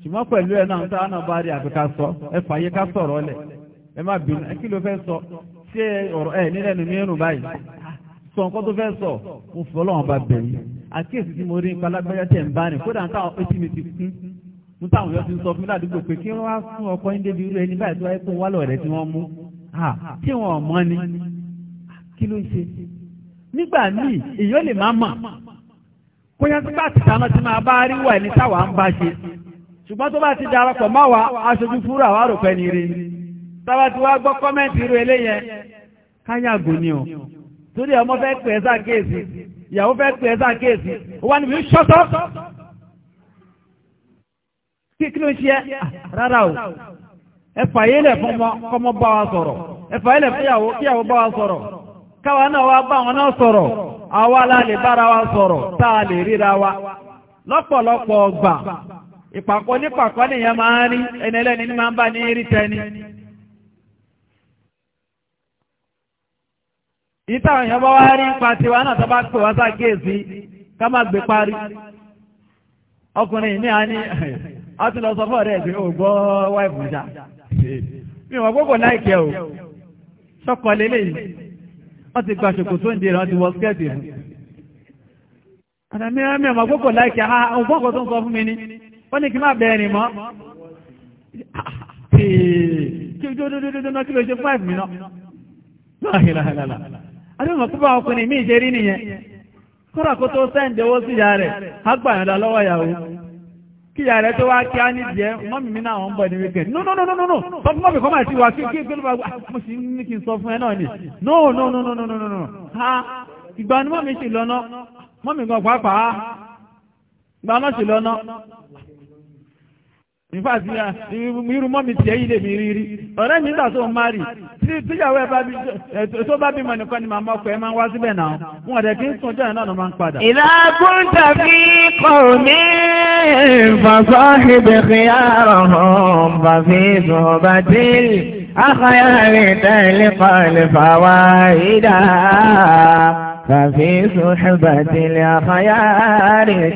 ṣùgbọ́n pẹ̀lú ẹ̀ náà táwọn náà bá rí àfi ká sọ ẹ fàyè ká sọ̀rọ̀ lẹ̀ ẹ má bínú ẹ kí ló fẹ́ sọ ṣé ọ̀rọ̀ ẹ nílẹ̀ nínú irun báyìí sọ nǹkan tó fẹ́ sọ mo fi ọlọ́run bá bẹ̀rẹ̀ àkíyèsí tí mo rí nípa lágbájá tẹ̀ ń bá rìn kódà táwọn etí mi ti kún mo táwọn yóò ti sọ fún mi ládùúgbò pé kí wọ́n wá fún ọkọ yín débi irú ẹni báyìí tó wáyé kó wálọ̀ rẹ̀ tí wọ́n nígbà míì èyí lè má mọ̀ bóyá sígbà tìtaná ti máa bá rí wà ní táwa ń bá ṣe ṣùgbọ́n tó bá ti darapọ̀ wa aṣojú fúra wa rò pẹ́ni rí tábà tí wàá gbọ́ kọ́mẹ́ǹtì irú eléyẹn o torí ọmọ fẹ́ pè é ìyàwó fẹ́ pè é ó wà níbi ṣọ́tọ́ kí ló ń ṣe rárá o ẹ fàyè fún ọmọ kọ́mọ bá wa sọ̀rọ̀ ẹ fàyè fún ìyàwó káwa náà wá bá wọn náà sọ̀rọ̀ àwa la wa sọ̀rọ̀ tá lè ríra wa lọ́pọ̀lọpọ̀ ọgbà ìpàkọ́ nípàkọ́ nìyẹn máa ń rí ẹni ẹlẹ́ni ní máa ń bá ní rí tẹni. ìtàwọn bá wá rí ipa tiwa náà tó bá pè wọ́n ságéèsì ká má gbé parí ọkùnrin ní wọ́n ti gba ṣòkòtò ń dèrè wọ́n ti wọ skẹ́ẹ̀tì fún. àtàmì ẹ̀mí ọmọ gbogbo láìkí àwọn fọ́kọ̀ tó ń sọ fún mi ni wọ́n ní kí má bẹ̀ẹ́ rìn mọ́. kí dúdúdúdú náà kí ló ṣe five mi náà. láhìláhìláhìlá. àdéhùn mọ̀ pípa ọkùnrin mi ìṣerí nìyẹn. kọ́ra kó tó sẹ́ǹdì owó síyà rẹ̀ á gbà yàn lọ́wọ́ ìyàwó kí ìyá rẹ̀ tó wá kí á ní jẹ́ mọ́mì mi náà ń bọ̀ ní wíkẹ̀ no no no no no tọ́pù mọ́mì kọ́ máa ti wà kí kí ló bá wà mo sì ni no no no no no no no ha ìgbà ni mọ́mì sì lọ́nà mọ́mì gan pàápàá ìgbà náà lọ́nà ìfàtí irú mọ́mí tí ẹ̀yí lè mi rí rí ọ̀rẹ́ mi ìgbà tó ń má rí tí tíyàwó ẹ tó bá bímọ nìkan ni màmá ọkọ̀ ẹ máa ń wá síbẹ̀ náà wọn ọ̀dẹ̀ kí ń sùn ọjọ́ ìnáà máa ń padà. ìlàkùn ní ففي صحبة الخيار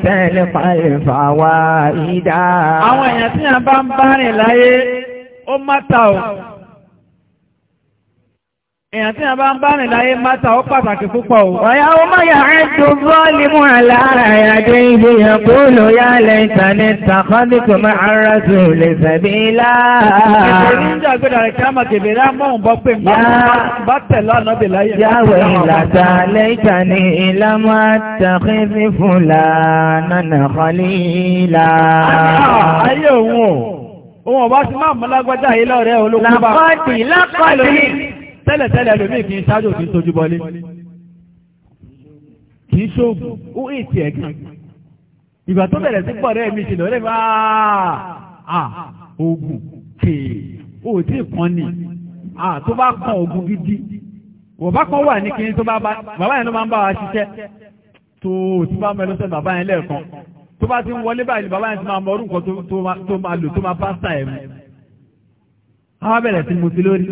تلقى الفوائد àwọn èèyàn tí a bá ń bá rìn láyé ó mọ́ta èèyàn tí a bá ń bá rìn láyé mátà ó pàtàkì púpọ̀ o. ọ̀yá ó má yà á tó bọ́ọ̀lì mú àlàárà àyàjọ ibi ìyànkú ló yá lẹ́ta ní tàkọ́dìkù máa ń rásù lè sẹ̀bí ilá. ìṣèlú ń jà gbọ́dọ̀ rẹ̀ kí a máa kèbè rá mọ́ òun bọ́ pé bá tẹ̀lé ọ̀nà bè láyé. yàwẹ̀ ìlàtà lẹ́ta ní ilá máa tàkí sí fúnla nánà kọ́lí ilá. ayé òun o òun ọba ti máa mú lágbájá yìí lọ́rẹ́ olókùnbá. làkọ́dì lákọ́dì tẹ́lẹ̀tẹ́lẹ̀ lómi kì í ṣáájú kì í sojú bọlé kì í ṣoògùn ó ètì ẹ̀gàn ìgbà tó bẹ̀rẹ̀ sí pọ̀ rẹ̀ mi ṣe lọ́rẹ́ bá a oògùn kèè ó tí kan ni a tó bá kan oògùn gidi wọ́n bá kan wà ní kí n tó bá bàbá yẹn ló máa ń bá wa ṣiṣẹ́ tó ti bá mẹ́lọ́ sẹ́ bàbá yẹn lẹ́ẹ̀kan tó bá ti ń wọlé báyìí bàbá yẹn ti máa mọ orú nǹkan tó máa lò tó máa bá sáà ẹ̀mú. àwọn abẹ́rẹ́ ti mutí lórí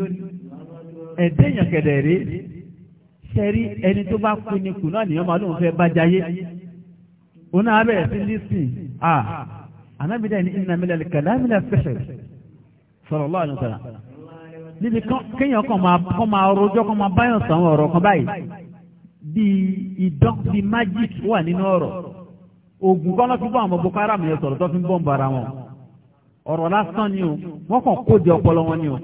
ẹ̀dẹ́ èèyàn kẹ̀dẹ̀ rí ṣẹ́rí ẹni tó bá kú ní kù náà nìyẹn máa lóun fẹ́ bá jayé òun náà bẹ̀rẹ̀ lísìn à ànábìdá ní ìnà mílẹ̀ kàlámìlẹ̀ fẹ́fẹ́ sọ̀rọ̀ lọ́wọ́ àlùsọ̀ níbi kan máa kọ́ máa kan tó fi ń ara wọn ọ̀rọ̀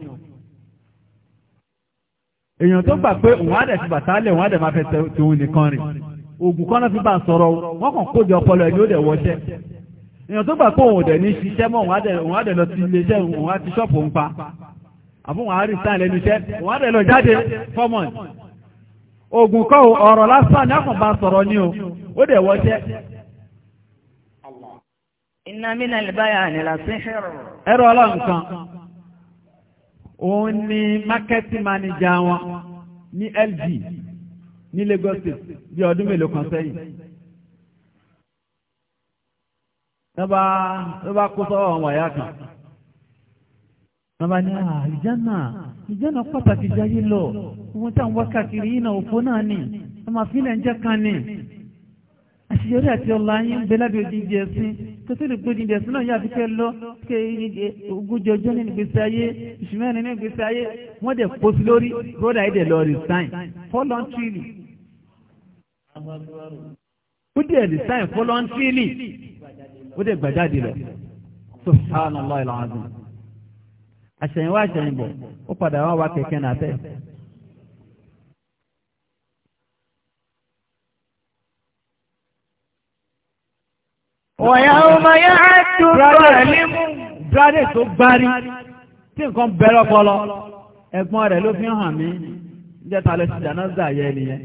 èèyàn tó gbà pé òun àdẹ̀ ti bàtálẹ̀ òun àdẹ̀ máa fẹ́ tòun nìkan rìn ògùn kan náà fi bá sọ̀rọ̀ wọ́n kàn kóde ọpọlọ ẹni ó dẹ̀ wọṣẹ́ èèyàn tó gbà pé òun òdẹ̀ ní ṣiṣẹ́ mọ́ òun àdẹ̀ lọ sí iléeṣẹ́ òun àti ṣọ́ọ̀pù ń pa àbúrò àwọn àrísàn lẹ́nu iṣẹ́ òun àdẹ̀ lọ jáde fọ́mọ̀n ògùn kọ́ ọ̀rọ̀ lásán ni àkànbá sọ̀rọ̀ ni o ó dẹ̀ wọṣẹ́ Inna min al-bayani la sihr. Ẹ̀rọ òun ni marketing manager wọn ní LG ní Lagos State bí ọdún mélòó kan sẹ́yìn lọ́ba lọ́ba kó sọ́wọ́ àwọn ọ̀yá kan lọ́ba ní àìjánà ìjánà pàtàkì jáyé lọ wọ́n tàn wákàkiri yìí náà òfó náà ni ọmọ fílẹ̀ ń jẹ́ kan ni àṣeyọrí àti ọ̀la yín ń bẹ lábẹ́ òjijì ẹ̀sìn kò sí ìgbójì ìdẹ̀sí náà yà fi kẹ́ lọ kí ogójì ọjọ́ nínú gbèsè ayé ìṣúmẹ́rin nínú gbèsè ayé wọ́n dẹ̀ kó sí lórí broda ẹ̀dẹ̀ lọ resign voluntarily. ó dẹ̀ resign voluntarily ó dẹ̀ gbàjáde lọ subhanallah ilaahu azim. àṣẹyìnwá àṣẹyìnbọ̀ ó padà wá wá kẹ̀kẹ́ nàtẹ́. Wọ̀yá ọmọ yá tó rọ̀ nímú. Brade tó gbárí tí nǹkan bẹ̀rẹ̀ ọpọlọ. Ẹ̀gbọ́n rẹ̀ ló fi hàn mí. Ǹjẹ́ ta lọ sí ìdáná zà yẹ nìyẹn?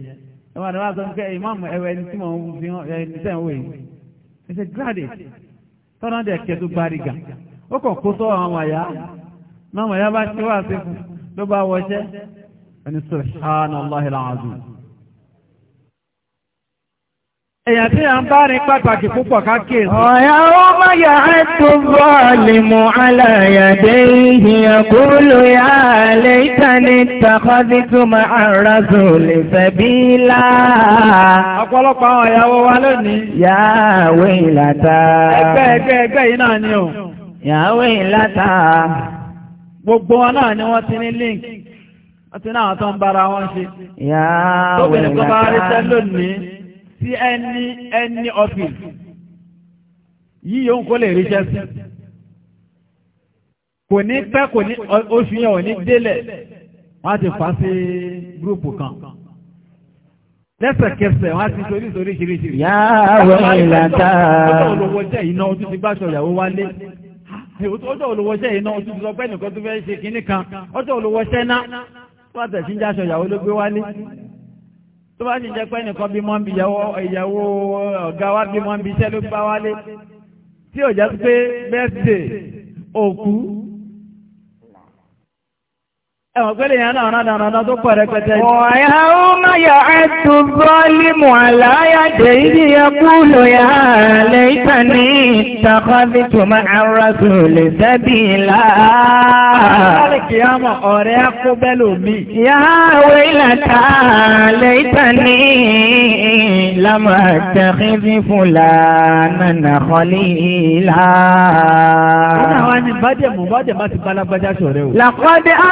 Ẹ wà ní wá sọ pé ìmáàmù ẹwẹ́ ẹni tí mò ń fi hàn ẹni tẹ̀ ń wò yìí. Ẹ ṣe Brade tọ́nà dẹ̀ kẹ́ tó gbárí Èyàn tí a ń bá rin pàtàkì púpọ̀ káàkiri. Ọ̀yá ó má yà á tó bọ́ lèmọ̀ aláyàdé ìhìyàn kú ló yá lè ìtàní tàkọ́dí tó máa rà zò lè fẹ́ bí lá. Ọ̀pọ̀lọpọ̀ àwọn ìyàwó wa lónìí. Yàwé ìlàta. Ẹgbẹ́ ẹgbẹ́ ẹgbẹ́ yìí náà ni o. Yàwé ìlàta. Gbogbo wọn náà ni sí ẹni ẹni ọ́fíìsì yí yóò kó lè ríṣẹ́ sí kò ní pẹ́ kò ní oṣù yẹn ò ní délẹ̀ wọ́n á ti fà á sí gúrùpù kan lẹ́sẹ̀kẹsẹ̀ wọ́n á ti torí torí ṣiríṣi. yàrá ìlànà. ọjọ́ olówó jẹ́ iná ojú ti bá aṣọ ìyàwó wálé ọjọ́ olówó jẹ́ iná ojú ti sọ pé nìkan tó fẹ́ ṣe kinní kan ọjọ́ olówó ṣẹ́ ná tó àtẹ̀síjáṣọ ìyàwó ló gbé wálé tó bá ti jẹ́ pé nìkan bí mọ́ ń bi ìyàwó ọ̀gá wa bí mọ́ ń iṣẹ́ ló gbá wálé tí ò jẹ́ pé bẹ́ẹ̀ ẹ̀wọ̀n pẹ́lẹ̀ yẹn náà náà náà tó pọ̀ rẹpẹtẹ. ọ̀yá ó má yà á tó bọ́ọ̀lìmù àláyàdé ibi ẹkú ló yà á lẹ́yìnká ní ìtàkọ́bí tó máa ń rásù lè sẹ́bì ńlá. ọ̀rẹ́ àmọ̀ ọ̀rẹ́ akó bẹ́lò mi. yà ní ìlà. ó náà wá ní bájẹ̀ mú bájẹ̀ má ti bá lágbájá ṣọ̀rẹ́ o. làkọ́dé á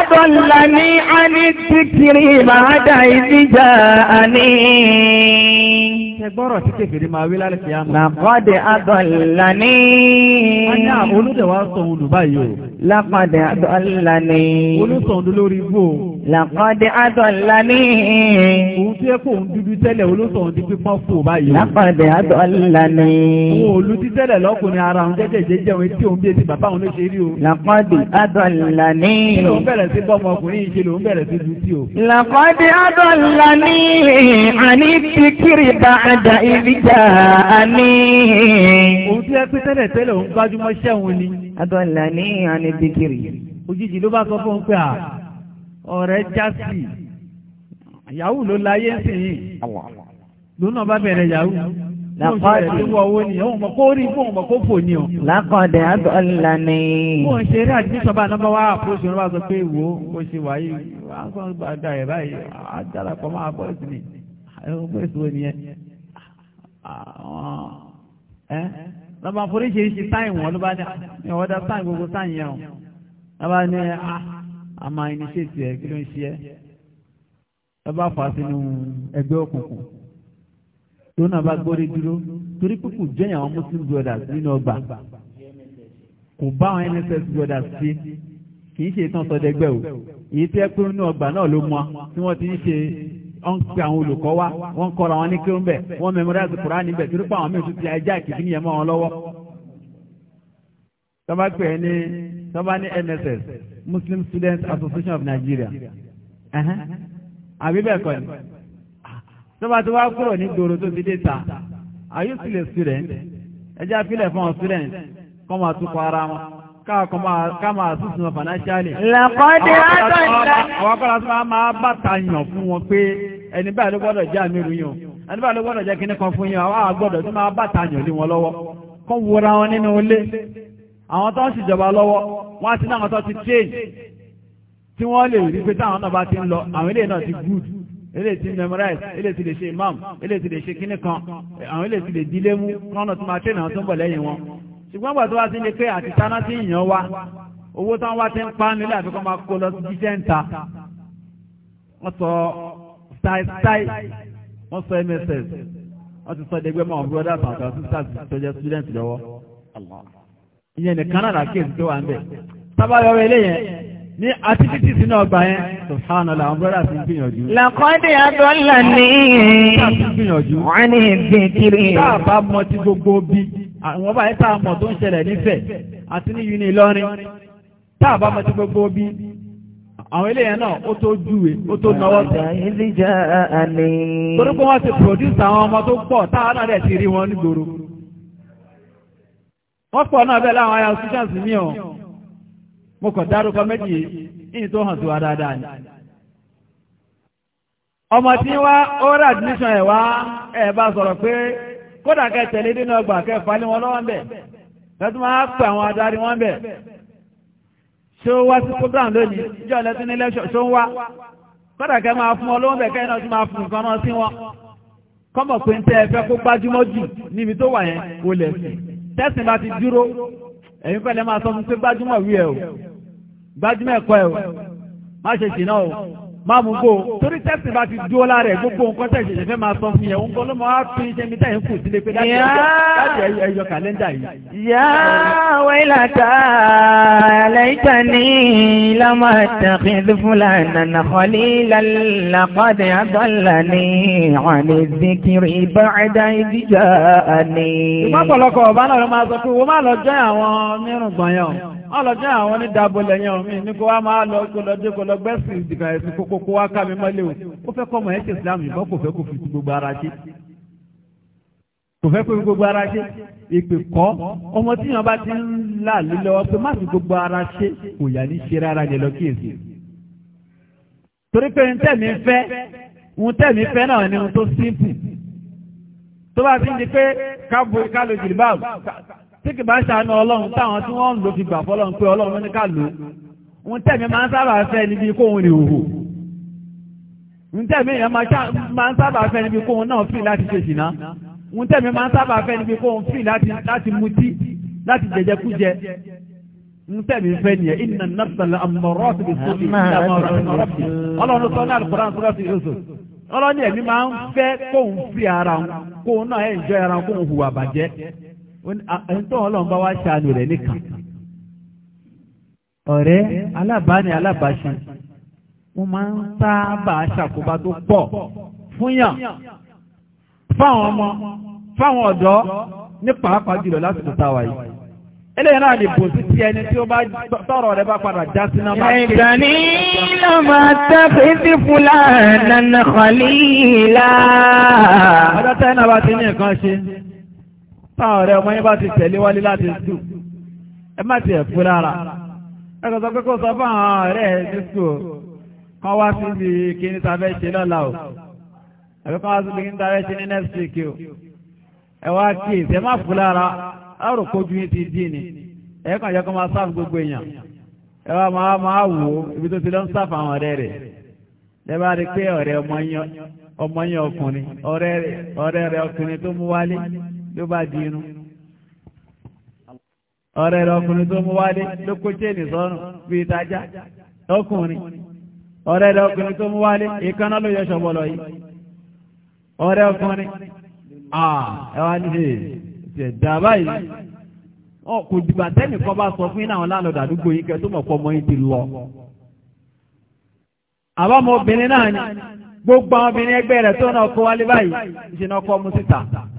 ضلني عن الذكر بعد إذ جاءني Ẹgbọ́rọ̀ tí kèfèrè máa wí lálẹ́ kìí àmà. Làpàdé àdọ̀là ní. A ní àwọn olùdẹ̀wà sọ̀hún lù báyìí o. Làpàdé àdọ̀là ní. Olùsọ̀hún lórí ibò. Làpàdé àdọ̀là ní. Òun tí ẹ kò ń dúdú tẹ́lẹ̀ olùsọ̀hún ti fi pọ́n fò báyìí o. Làpàdé àdọ̀là ní. Òun olú ti tẹ́lẹ̀ lọ́kùnrin ara òun jẹ́jẹ́ jẹ́jẹ́ òun tí òun bí etí bàbá òun ló ṣe rí o. Làpàdé àdọ̀là ní bàdà ìbíjà àní. Òun tí ẹ pé tẹ́lẹ̀ tẹ́lẹ̀ òun gbájúmọ́ iṣẹ́ òun ni. Adọ́là ní àní bìkìrì. Òjijì ló bá sọ fún un pé à ọ̀rẹ́ jásì. Yahoo ló láyé ń sìn yìí. Lónà bá bẹ̀rẹ̀ Yahoo. Lákọ̀dé. Ìwọ̀ owó ni ọ̀hún mọ̀ kó rí fún ọmọ kó fò ní ọ. Lákọ̀dé àdọ́là ni. Mo ṣe eré àdínísọ̀ bá nọ́mbà wá àpòṣe wọn bá sọ pé ìwò ó ṣe wáyé wá gbọ́dọ̀ gbàgbà ẹ̀ báyìí àdàlàpọ̀ máa bọ́ ìsìn ní. Àwọn ọmọ ìsìn nìyẹn? àwọn ẹ́ lọ́ba foríṣiríṣi táyìn wọn ló bá dá ní ọ̀dà táyìn gbogbo táyìn yẹn o lọ́ba ní àmà ah, ìníṣètì ẹ̀ kí ló ń ṣe ẹ́ lọ́ba fà sínú ẹgbẹ́ òkùnkùn tó náà bá gbórí dúró torí pé kò jẹ́yìn àwọn muslim brothers nínú ọgbà kò bá àwọn nss brothers sí kì í ṣe ìtàn sọdẹgbẹ́ o èyí tí ẹ pé nínú ọgbà náà ló mọ tí wọ́n ti ń ṣe wọ́n pe àwọn olùkọ́ wa wọ́n kọ́ra wọn ní kí ó ń bẹ̀ wọ́n memorize Kùránì níbẹ̀ torí pé àwọn mí tún ajá ìkìdí yẹn mọ́ wọn lọ́wọ́ tọ́ba pè é ní tọ́ba ní NSS Muslim Students Association of Nigeria àbí bẹ́ẹ̀ kọ́ ni tọ́ba tó wá kúrò ní gbòòrò tó ti dé ta are you still a student ẹ jẹ́ àfilẹ̀ fún ọ student kọ́ máa tún kọ ara wọn káàkọ̀mọ̀ àtúnṣùn financially. Lẹ̀kọ́ dé látọ̀ ìlànà. Àwọn akọ́lá tó máa bá tàyàn fún wọn pé ẹni báyìí ló gbọ́dọ̀ jẹ́ àmì ìrùyìn ẹni báyìí ló gbọ́dọ̀ jẹ́ kíní kan fún yín àwọn àgbọ́dọ̀ tó máa bá tààyàn lé wọn lọ́wọ́ kọ́ wúra wọn nínú ilé àwọn tó ń ṣèjọba lọ́wọ́ wọ́n á ti náà tó ti change tí wọ́n lè rí pé táwọn náà bá ti ń lọ àwọn ilé náà ti good ilé ti memorize ilé ti lè ṣe imam ilé ti lè ṣe kíní kan àwọn ilé ti lè dílé mú kọ́nà tó máa táìtáì wọ́n sọ mss wọ́n ti sọ ẹgbẹ́ mọ́ brothers and sisters tó jẹ́ student lọ́wọ́ ìyẹn nìkan náà làkèsí tó wà ń bẹ̀ sábàyọ̀ eléyẹn ní activities náà gbà yẹn subhanallah àwọn brothers ń gbìyànjú. làkọ́dé adọ́là ní gbìyànjú. wọ́n ní ìgbìnkiri. tá a bá mọ ti gbogbo bí àwọn báyìí tá a mọ̀ tó ń ṣẹlẹ̀ nífẹ̀ẹ́ àti ní yuni Ìlọrin tá mọ ti gbogbo bí àwọn ilé yẹn náà ó tó júwe ó tó náwó tẹ. torí pé wọ́n ti produce àwọn ọmọ tó pọ̀ táwọn náà dẹ̀ ti rí wọn nígboro. wọ́n pọ̀ náà bẹ́ẹ̀ láwọn aya institutions mi ọ̀ mo kàn dárúkọ méjì yìí tó hàn sí wa ọmọ tí wá oral admission ẹ̀ wá ẹ̀ bá sọ̀rọ̀ pé kódà kẹ́ tẹ̀lé wọn lọ́wọ́ ń bẹ̀ á pè wọn bẹ̀. tí ó wá sí program lónìí jọ lẹ́tún ní lẹ́ṣọ̀ tó ń wá kọ́dà kẹ́ máa fún ọlọ́wọ́n bẹ̀ kẹ́yìn náà tún máa fún nǹkan náà sí wọn kọ́mọ̀ pé ń tẹ́ ẹ fẹ́ kó gbájúmọ́ jù níbi tó wà yẹn kò lẹ̀ sí tẹ́sìn bá ti dúró ẹ̀yin pẹ̀lẹ́ máa sọ fún pé gbájúmọ̀ wí ẹ̀ o gbájúmọ̀ ẹ̀kọ́ ẹ̀ o má ṣe ṣìnà o máa mú gbó torí tẹ́sìn bá ti dúó lára ẹ̀ gbogbo nǹkan tẹ̀ ṣẹ̀ṣẹ̀ máa sọ fún yẹn òǹkan ló fi iṣẹ́ mi tẹ̀yìn kù sílé pé láti ẹyọ kàlẹ́ndà yìí. yá wailata laitani lam attakhidh fulanan khalilan laqad adallani an dhikri ba'da idh ja'ani. ìmọ̀pọ̀lọpọ̀ ọ̀bá ló máa sọ pé wọ́n máa lọ jẹ́ àwọn mírùngbọ̀n yẹn ọlọ́jọ́ àwọn onídàbọ̀lẹ̀ yẹn omi ní kó wá máa lọ kó lọ dé kó lọ gbẹ́sìn ìdìgbà ẹ̀sìn kókó kó wá ká mi mọ́lẹ̀ o ó fẹ́ kọ́ ọmọ ẹ̀ ṣe Islam ìbọn kò fẹ́ kó fi gbogbo ara ṣe kò fẹ́ pé gbogbo ara ṣe ìpè kọ́ ọmọ tí yàn bá ti ń là lílọ́wọ́ pé má fi gbogbo ara ṣe kò yà ní ṣe rárá ni lọ kíyèsí. torí pé ń tẹ̀mí fẹ́ ń tẹ̀mí fẹ́ náà ni ohun tó simple tó bá ti ń di pé ká tí kì bá ṣàánú ọlọ́run táwọn tí wọ́n ń lò fi gbà fọ́lọ́run pé ọlọ́run ní ká lò ń tẹ̀mí máa ń sábà fẹ́ níbi kóhun rè òhò ń tẹ̀mí èèyàn máa ń sábà fẹ́ níbi kóhun náà fì láti ṣe ṣìná ń tẹ̀mí máa ń sábà fẹ́ níbi kóhun fì láti mutí láti jẹjẹkújẹ ntẹ̀mí fẹ́ ni ẹ̀ iná nàbàlà àmọ̀rọ̀ ti fi sóbi ìdàmọ̀rọ̀ ìmọ̀rọ̀bì ọlọ́run sọ náà lùkọ́rọ̀ àti rọ́ọ̀sì ìrọ̀sọ ọlọ́run ẹ̀mí máa ń fẹ́ kóun fi ara kóun náà ẹ̀ ń ẹ̀ńtọ́ ọlọ́run bá wá ṣàánú rẹ̀ nìkan ọ̀rẹ́ alábàání alábàáṣe wọ́n máa ń sábà ṣàkóbá tó pọ̀ fúnyàn fáwọn ọmọ fáwọn ọ̀dọ́ ní pàápàá jùlọ lásìkò táwa yìí eléyìí náà lè bò sí ẹni tí ó bá tọrọ rẹ bá padà já sí náà. ẹ̀gbọ́n ní lọ́mọ tẹ́fẹ́ sí fúlàní nàkọ́lì ìlà. ọjọ́ tẹ́ náà bá ti ní nǹkan ṣe táwọn ọ̀rẹ́ ọmọ yín bá ti tẹ̀lé wálé láti sùn ẹ má ti ẹ̀fú rárá ẹ kò sọ pé kó sọ fún àwọn ọ̀rẹ́ ẹ ní sùn o kán wá sí ibi kíní ta fẹ́ ṣe lọ́la o àbí kán wá sí ibi kíní ta fẹ́ ṣe ní next week o ẹ wá kí ẹ má fú rárá láàrò kojú yín ti dì ní ẹ kàn jẹ́ kó máa sáà gbogbo èèyàn ẹ wá máa máa wò ó ibi tó ti lọ ń sáfà àwọn ọ̀rẹ́ rẹ̀ ẹ bá rí pé ọ̀rẹ́ ọmọ yín ọkùnrin ọ̀rẹ́ rẹ̀ ọkùnrin tó mú wálé. ló bá di irun ọ̀rẹ́ rẹ̀ ọkùnrin tó mú wálé ló kó chéènì sọ́rùn bí ìtajà ọkùnrin ọ̀rẹ́ rẹ̀ ọkùnrin tó mú wálé ìkaná ló yọ ṣọ̀bọ̀lọ̀ yìí ọ̀rẹ́ ọkùnrin ẹwà ní ẹ̀dà báyìí kò dìgbà tẹ́nìkan bá sọ fún iná àwọn kẹ́ tó mọ̀ pọ̀ mọ́ ti lọ obìnrin náà ni gbogbo àwọn obìnrin ẹgbẹ́ rẹ̀ tó náà kó wálé báyìí ìṣẹ̀nà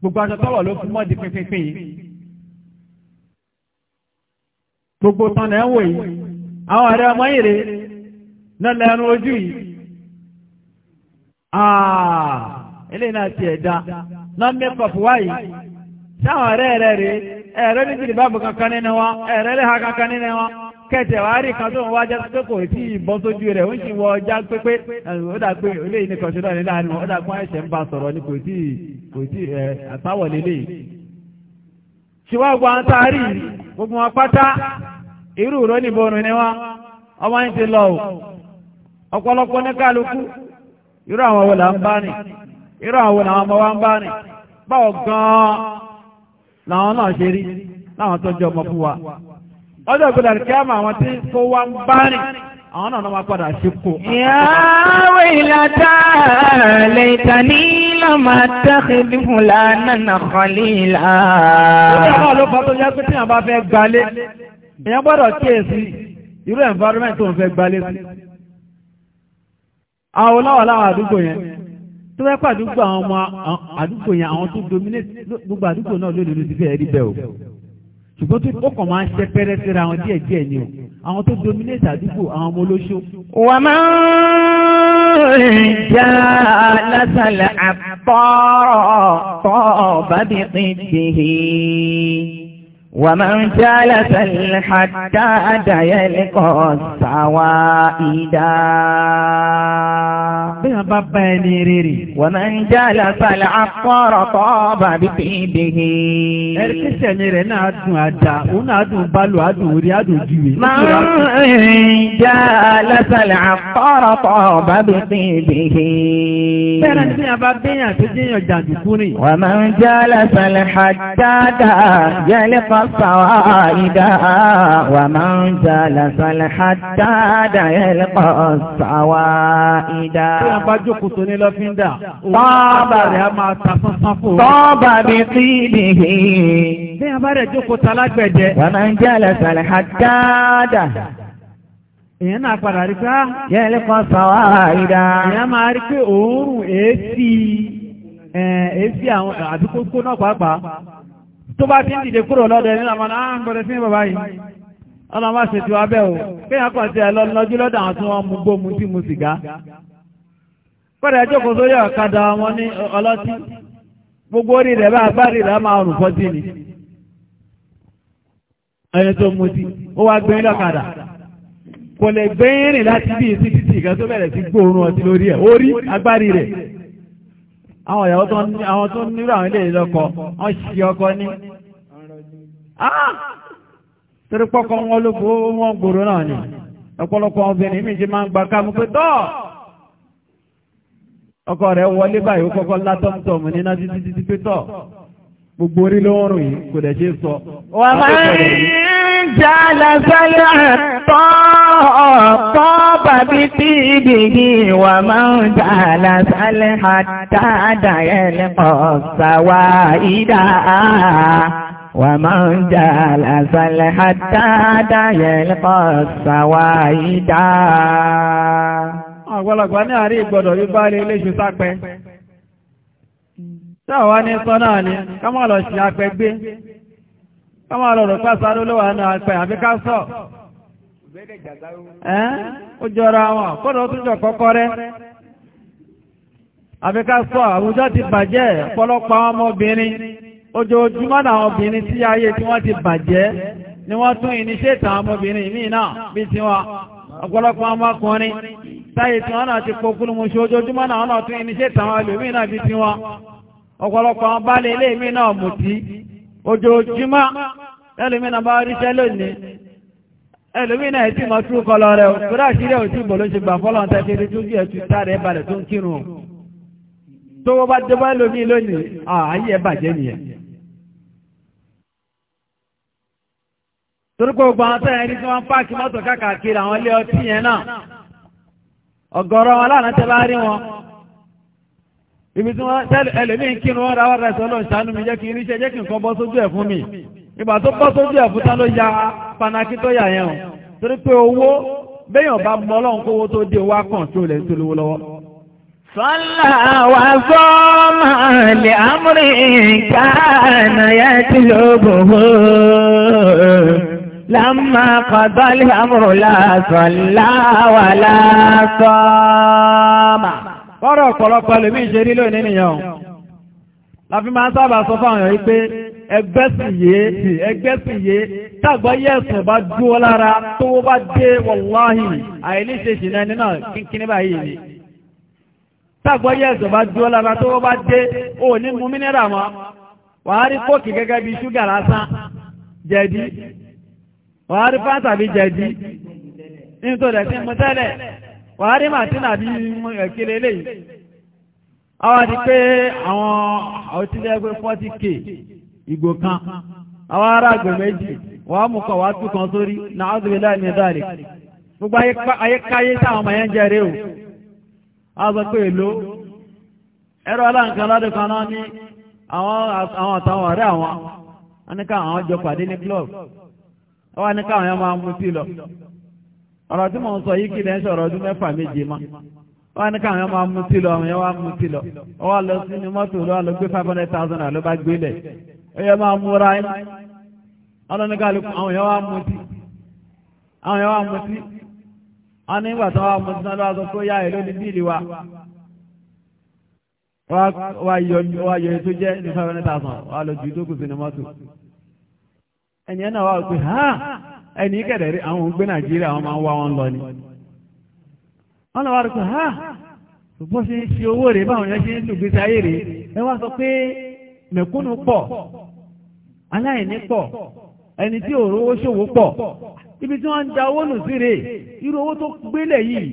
gbogbo aṣọ tọ́wọ̀ ló pínpínpín yìí gbogbo tán lẹ́ ń yìí àwọn ọmọ yìí rèé na lẹ́nu ojú yìí eléyìí náà ti ẹ̀dá náà up wá yìí sáwọn ọ̀rẹ́ rẹ̀ rèé ẹ̀rọ níbi ìbámu kankan nínú wọn ẹ̀rọ kankan kẹtẹ wàá rí kan tó ń wájà pé kò tí rẹ̀ ó ń wọ ọjà pépé ó dà pé ní ó dà pé ẹ̀ṣẹ̀ ń sọ̀rọ̀ ni kò tí kò tí ì àtàwọ̀ lélẹ̀. rí gbogbo wọn pátá irú lọ o ọpọlọpọ ní kálukú irú àwọn wo là ń bá irú àwọn wo làwọn ọmọ wa ń bá báwo ọjọ́ ìgbọ́dọ̀ kí á máa wọn tí kó wá ń bá rìn àwọn náà máa padà ṣípò. ìyáwó ìlàtà lè tàní lọ́mà tẹ́kìdì fúnlá kọ́lé ìlà. ó dáa ló fọ́ tó yẹ pé tíyàn bá fẹ́ gbalé èèyàn gbọ́dọ̀ kíyèsí irú environment tó ń fẹ́ gbalé sí. àwọn oláwà láwọn àdúgbò yẹn tó fẹ́ pàdúgbò àwọn ọmọ àdúgbò yẹn àwọn tó dominate gbogbo àdúgbò náà lónìí ló ti fẹ́ rí bẹ́ẹ̀ o ṣùgbọ́n tó ó kàn máa ń ṣe pẹ́rẹ́ síra àwọn díẹ̀ díẹ̀ ni o àwọn tó dominate àdúgbò àwọn ọmọ olóṣó. wà á máa ń já lásàlẹ̀ àpọ̀ ọ̀bá bíi pín tìhín. ومن جلس حتى يلقى السوائدا ومن جلس العطار طاب بطيبه من جلس العطار طاب بطيبه ومن جلس الحداد يلقى الصوائد ومن جلس الحداد يلقى الصوائد طاب بطيبه ومن جلس الحداد èyàn náà padà rí pé á yẹ́lẹ́ kan sàwà àìdá èyàn máa rí pé òórùn èéfì èéfì àwọn àdúgbò náà pàápàá tó bá ti ń dìde kúrò lọ́dọ̀ ẹni àwọn àgbọ̀dẹ̀ sí bàbá yìí ọlọ́mà ṣe ti wá bẹ́ o kéèyàn kàn ti ẹ̀lọ́ lọ́jú lọ́dọ̀ àwọn tí wọ́n mú gbó mu tí mu sìgá kọ́dà ẹjọ́kọ̀ sórí ọ̀kadà wọn ní ọlọ́tí gbogbo orí rẹ̀ bá agbárí rẹ̀ máa rùn fọ́tí ni ẹni tó mu ti ó wá gbé lọ́kadà kò lè gbé rìn láti bí àwọn ìyàwó tó ní àwọn tó nírò àwọn ilé ìlọ́kọ wọ́n ṣe ọkọ ní torí pọ́kọ́ wọn ló bó wọn gbòrò náà ni ọ̀pọ̀lọpọ̀ obìnrin mi ti máa ń gba kámú pé tọ́ ọkọ rẹ̀ wọlé báyìí ó kọ́kọ́ látọ́mtọ́mù níná títí títí pé tọ́ gbogbo orí ló ń rùn yìí kò dẹ̀ ṣe sọ. wà á máa ń jà lásán yàtọ̀ أصاب بطيبه ومن جال حتى يلقى السوائدا ومن جال حتى يلقى السوائدا Àgbọ́lọ̀gbọ́ ní àrí ìgbọ̀dọ̀ bí bá lè léṣù sápẹ́. Sáàwá ní sọ náà ni, ká máa lọ ṣe apẹ́ gbé, ká lọ rọ̀ pàṣà lólówà náà apẹ́ àfikásọ̀. ẹ́ ó jọra wọn kọ́dọ̀ tó jọ kọ́kọ́ rẹ́ àfikà sọ àwùjọ ti bàjẹ́ ọ̀pọ̀lọpọ̀ àwọn ọmọbìnrin ojoojúmọ́ àwọn obìnrin tí ayé tí wọ́n ti bàjẹ́ ni wọ́n tún ìníṣẹ́ ọmọbìnrin míì náà bí ọ̀pọ̀lọpọ̀ ọmọkùnrin táyé tí wọ́n náà ti náà náà bí ọ̀pọ̀lọpọ̀ ọmọ bálẹ̀ ilé mi náà mùtí ojoojúmọ́ bá ríṣẹ́ ẹlòmí náà tí mọ̀ tún kọlọ rẹ̀ òkúrò àṣírẹ́ òtí bò ló ṣe gbà fọ́lọ́n tẹ́ ṣeré tó bí ẹ̀tù táàrẹ balẹ̀ tó ń kírun tó wọ́n bá jọba lómi lónìí ààyè ẹ bàjẹ́ nìyẹn torípò gbogbo àwọn tẹ́yẹ ní tí wọ́n páàkì mọ́tò káàkiri àwọn ilé ọtí yẹn náà ọ̀gọ̀rọ̀ wọn lánàá tẹ́ bá mi ìgbà tó bọ́ sójú ẹ̀fúta ló ya panaki tó yà yẹn o torí pé owó béèyàn bá mọ ọlọ́run kówó tó dé wá kàn tó lè tó lówó lọ́wọ́. Sọ́lá wa sọ́mà lè amúrí kánà yá ti lóbòó. Lámà kọ̀dọ́ amúrò lásán láwà lásọ́mà. Bọ́rọ̀ ọ̀pọ̀lọpọ̀ lèmi ìṣerí lónìí nìyẹn o. Láfi máa ń sábà sọ fáwọn èèyàn yìí pé ẹgbẹ́sìyé ẹgbẹ́sìyé tàgbáyé ẹ̀sùn bá dúó lára tó bá dé wọ̀láhì àìníṣẹ́ṣì náà nínà kíní báyìí ni tàgbáyé ẹ̀sùn bá dúó lára tó bá dé ò ní mú mínírà mọ́ wàá rí kóòkì gẹ́gẹ́ bí ṣúgà lásán jẹ̀dí wàá rí fáńtà bí jẹ̀dí nítorí ẹ̀sìn mú tẹ́lẹ̀ wàá rí màtínà bí ẹ̀kẹ́lẹ́ eléyìí àwọn àti pé àwọn òtílẹ̀ ẹgbẹ́ Igbo kan àwọn ará àgbẹ̀ méjì wọ́n á kan wá tú kan sórí náà á zùbí gbogbo ayékáyé táwọn ọmọ yẹn jẹrẹ o pé èlò aláǹkan kan náà ní àwọn àtàwọn ọ̀rẹ́ àwọn jọ pàdé ní club yẹn máa mú lọ ọ̀rọ̀ tí mò ń sọ yìí kí lẹ́yìn sọ̀rọ̀ ọdún mẹ́fà méje má wọ́n ní káwọn yẹn máa mú sí lọ àwọn yẹn wá mú lọ lọ mọ́tò lọ gbé five hundred thousand ẹyẹ máa múra ẹ́ ọlọ́nìkàlùkù àwọn èèyàn wá mutí àwọn èèyàn wá mutí a ní ìgbà tó wá náà lọ́wọ́ tó yá wa wá yọ ètò jẹ́ ní five hundred thousand wá lọ ju ní mọ́tò ẹ̀ náà wá pé ha ẹni kẹ̀dẹ̀ rí àwọn nàìjíríà wọn máa lọ ni wọn náà wá rí pé ha bó ṣe ń ṣe owó rèé báwọn yẹn ṣe ń lùgbèsè ayé rèé ẹ wá mẹ̀kúnnù pọ̀ aláìní pọ̀ ẹni tí òòrùn owó ṣòwò pọ̀ ibi tí wọ́n ń da owó nù síre irú owó tó gbélé yìí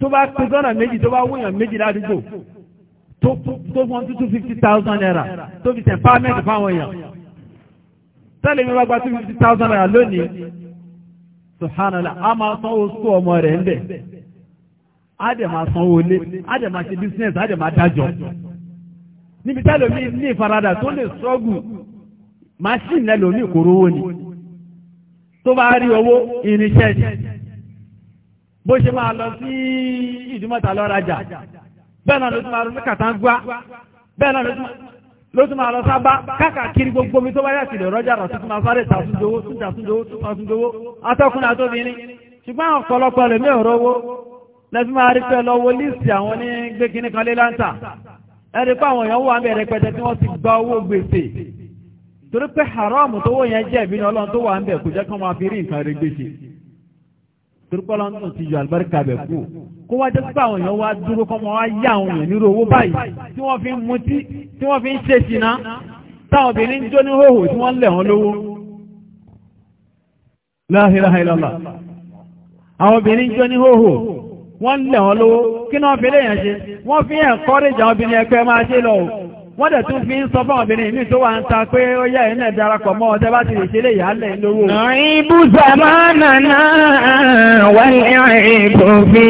tó bá pín sọ́nà méjì tó bá wúyàn méjì ládùúgbò tó fún two fifty thousand naira tó fi tẹ̀ pámẹ́ǹtì fáwọn èèyàn tẹ́lẹ̀ mi bá gba two fifty thousand naira lónìí subhanallah a máa sanwó sukú ọmọ rẹ̀ ń bẹ̀ á dẹ̀ máa sanwó ilé á dẹ̀ máa ṣe business á dẹ̀ máa dájọ́ níbi tá lómi ní ìfaradà tó lè sọ́gù máṣíìnì lẹ lómi ìkórówó ni tó bá rí owó irinṣẹ́ ni bó ṣe máa lọ sí ìdúmọ̀tà lọ rajà bẹ́ẹ̀ náà ló tún máa lọ sí kàtàǹgbá bẹ́ẹ̀ náà ló tún máa lọ sábà káàkiri gbogbo omi tó bá yà sílẹ̀ rọ́jà rọ̀ tuntun máa sáré tàṣúndowó tàṣúndowó tàṣúndowó atọ́kùnrin àtòbìnrin ṣùgbọ́n ọ̀pọ̀lọpọ̀ lèmi ò rówó lẹ́tí máa rí pẹ́ lọ líìsì àwọn ní gbé kan lé láńtà ẹni pé àwọn èèyàn wà ń bẹ̀rẹ̀ pẹ̀tẹ́ tí wọ́n ti gba owó gbèsè torí pé haram tó wó yẹn jẹ́ ìbínú ọlọ́run tó wà ń bẹ̀ kò jẹ́ kán máa fi rí nǹkan rí gbèsè torí pé ọlọ́run ti yọ àlùbáríkà bẹ̀ kú kó wá jẹ́ pé àwọn èèyàn wá dúró kọ́ máa wá yá àwọn èèyàn nírú owó báyìí tí wọ́n fi ń mutí tí wọ́n fi ń ṣe ṣìná táwọn obìnrin ń jó ní hòhò tí wọ́n lẹ̀ wọ́n lówó La àwọn obìnrin ń jó ní hòhò wọ́n ń lẹ̀ wọ́n lówó kí náà fi léèyàn ṣe wọ́n fi hàn kọ́rẹ́jà obìnrin ẹgbẹ́ máa ṣe lọ wọ́n dẹ̀ tún fi ń sọ fún obìnrin ìmí tó wà ń ta pé ó yẹ ẹ̀yìn náà darapọ̀ mọ́ ọ̀tẹ́ bá ti lè ṣe lè yà á lẹ̀ lówó. ìbú sábà nàná wà ní ìbò fi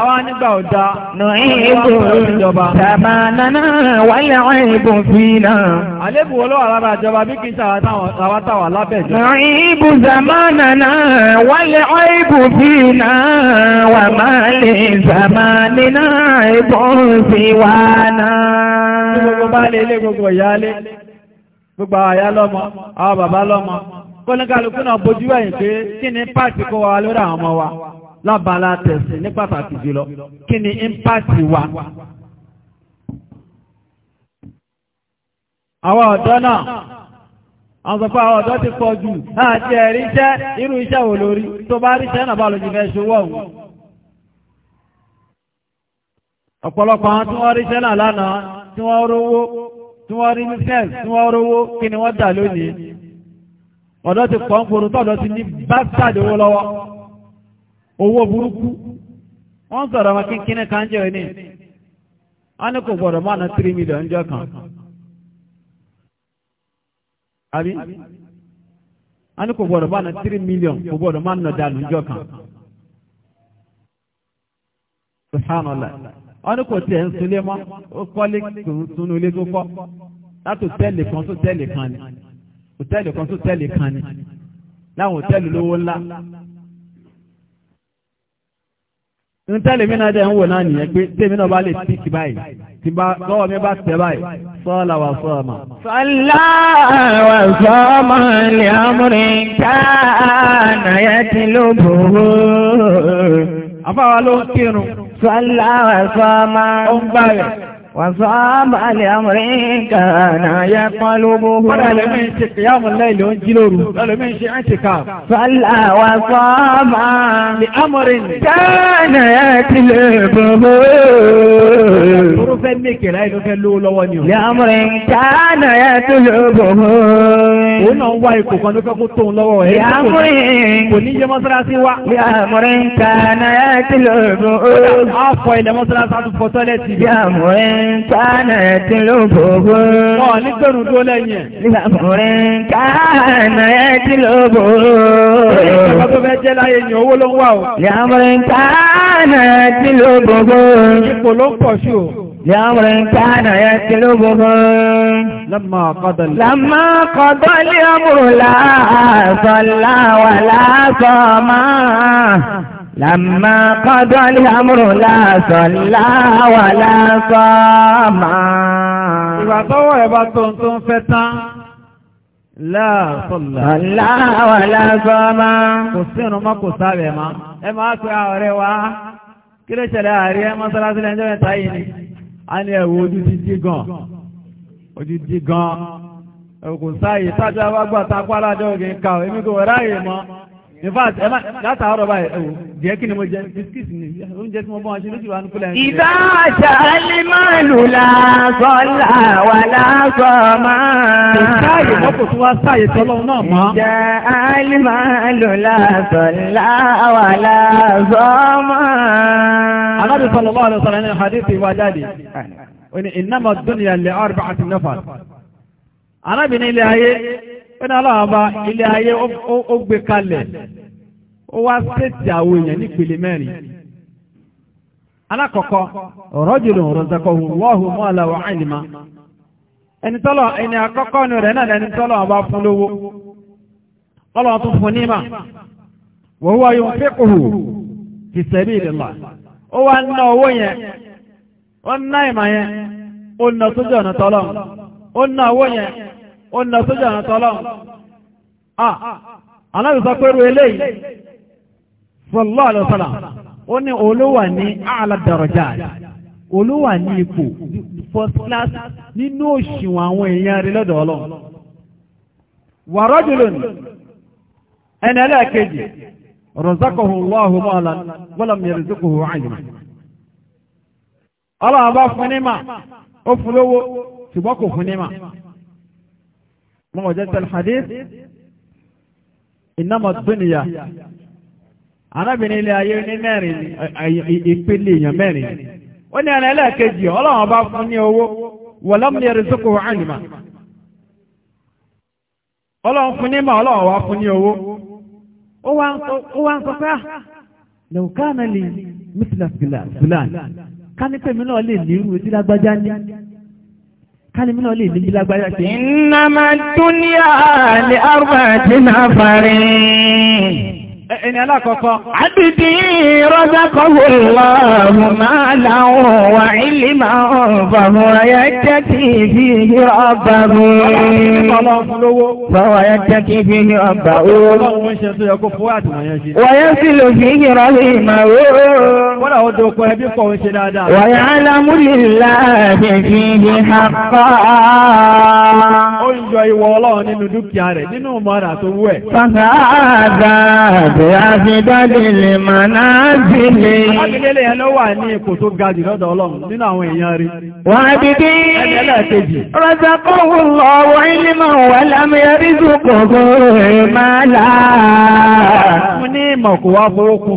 àwọn nígbà ọ̀dá nùhìnbó tàbá nánà wàlẹ̀ ọ̀hìnbó fínà. àlébù olówó alára ìjọba bí kìí sàwátàwà lábẹ́jọ. nùhìnbó zamanana wàlẹ̀ ọ̀hìnbó fínà wà máa lè zamanina ìbọn sí wa náà. gbogbo bá lè gbogbo gbogbo àwọn bàbá náà bójú ẹ̀yìn pé kí ni kó wa lórí àwọn ọmọ wa. lábala tẹ̀sìn ní pàtàkì jùlọ kí ni ímpáàtì wa. àwọn ọ̀dọ́ náà àwọn awa àwọn ọ̀dọ́ ti pọ̀ jù àti ẹ̀rí irú iṣẹ́ wò lórí tó bá rí iṣẹ́ náà bá lójú fẹ́ ṣe ọ̀pọ̀lọpọ̀ àwọn tí wọ́n rí iṣẹ́ náà lánàá tí wọ́n rówó tí wọ́n rí ti pọ̀ ń owó burúkú wọ́n sọ̀rọ̀ ma kíkínní kan jẹ́ òní a ní kò gbọ́dọ̀ máa na three million jọ kan àbí a ní kò gbọ́dọ̀ máa na three million kò gbọ́dọ̀ máa ná dànù kan subhanallah wọ́n ní kò tiẹ̀ ń sunlé mọ́ ó kọ́lé sunu ilé tó kọ́ láti òtẹ́ẹ̀lì kan tó tẹ́ẹ̀lì kan ni òtẹ́ẹ̀lì kan tó tẹ́ẹ̀lì kan ni láwọn ntẹ́lẹ̀ mi náà dẹ̀ ń wò náà nìyẹn pé tèmi náà bá lè tíkì báyìí tí bá lọ́wọ́ mi bá tẹ̀ báyìí sọ́ọ̀là wà sọ́ọ̀mà. sọ́ọ̀là sọ́ọ̀mà lè amúrí ká nàyà ló bòrò. àfáwa ló ń kírun. sọ́ọ̀là sọ́ọ̀mà. ó ń gbà rẹ̀. Wàsáàbà lè àmúrí kàánà yẹ pọ́lúgbò. Fọ́dà lẹ́mí ṣe kìyàmù lẹ́lẹ̀ ó ń jí lóru. Lọ́lọ́mí ṣe ń ṣe ká. Fọ́lá wàsáàbà lè àmúrí kàánà yẹ ti lè gbogbo. Tóró fẹ́ mẹ́kẹ̀ láì ló fẹ́ lówó lọ́wọ́ ni o. Lè kánà tí ló bòbò. Wọ́n ní gbẹ̀rù tó lẹ́yìn. Nígbàkùnrin kánà tí ló bòbò. Ìjọba tó fẹ́ jẹ́ láyé ni owó ló ń wà o. Ìyàmùrin kánà tí ló bòbò. Ipò ló ń pọ̀ sí o. Ìyàmùrin kánà tí Lámà kọ́dọ̀ lé. Lámà kọ́dọ̀ lé ọmọ rò láàfọ̀ láwà máa. لما قضى الأمر لا صلى ولا صام ìgbà tọ́wọ́ ẹ̀ bá tó ń tó ń fẹ́ tán láàá wàlá sọ́mà kò sínú mọ́ kò sáàbẹ̀ ma ẹ máa pẹ́ ààrẹ wá kí ló ṣẹlẹ̀ ààrẹ mọ́sálásí lẹ́jọ́ mẹ́ta yìí ni a ní ẹ̀wọ̀ ojú dídí gan ojú dídí gan ẹ̀wọ̀ kò sáàyè tájọ́ abágbà takwálájọ́ ògìn ká èmi kò ráyè mọ́ إذا سأل المال لا صلى ولا صام جاء المال لا صلى ولا صام النبي صلى الله عليه وسلم حديث وجالي إنما الدنيا لأربعة نفر أنا بني ó ọba aláwọ̀bá ilé ayé ó gbé kalẹ̀ ó wá sẹ́tì àwọn èèyàn nípele mẹ́rin alákọ̀ọ́kọ́ rajulun razaqahu Allahu mala wa ilma ẹni tọ́lọ̀ ẹni àkọ́kọ́ ni rẹ̀ náà ọba fún lówó tọ́lọ̀ tún fún níma fi ó wá ń ná owó yẹn ó ń ná ìmọ̀ yẹn ó ń ná sójú ọ̀nà tọ́lọ̀ ó ó na sójú àwọn tọ́lọ́run ní ipò first class nínú òṣìwọ̀n àwọn èèyàn rí lọ́dọ̀ ọlọ́run wa rajulun ẹni ẹlẹ́ẹ̀kejì razaqahu Allahu malan wa lam yarzuqhu ilman ọlọ́run bá fún ní ó fún lówó ṣùgbọ́n kò fún ما وجدت الحديث إنما الدنيا أنا بن إلهي ناري إفلي يماري وإني أنا لا كجي الله أبعثني هو ولم يرزقه علما ọlọ́run fún ní mọ̀ ọlọ́run wá fún ní owó ó wá ń sọ pé lẹ́wọ̀n káàmẹ́lì mísìlá fúlàn ká ní pèmí náà lè ní irú etí lágbájá ní kálímí náà lè ní bí lágbára ṣe. innama dunya li arba'ati nafarin ẹni alákọ̀ọ́kọ́. Àbìdí rọ́sákọ̀wò lọ́rùn máa láwọn wà ilé máa fàmúra yẹ jẹ́ kí ibi yíra ọba mú. Fàmúra yẹ jẹ́ kí ibi yíra ọba ó. Wàyẹ́ sí lò sí yíra lè máa ó. Wọ́n àwọn dòkò ẹbí kọ̀ ń ṣe dáadáa. Wàyẹ́ alámúlìlá ẹ̀fí ní àpá. Ó ń yọ ìwọ ọlọ́run nínú dúkìá rẹ̀ nínú mọ́ra tó wú ẹ̀. Fàmúra Fi àfidáde lè máa náà sí lè. Alábìdélé ẹ ló wà ní ipò tó ga jù lọ́dọ̀ Ọlọ́run nínú àwọn èèyàn rí. Wọ́n bí kí rọ́sàkóhùn lọ́wọ́ ilé máa wà lámìyàn ní ìmọ̀ kò wá forókun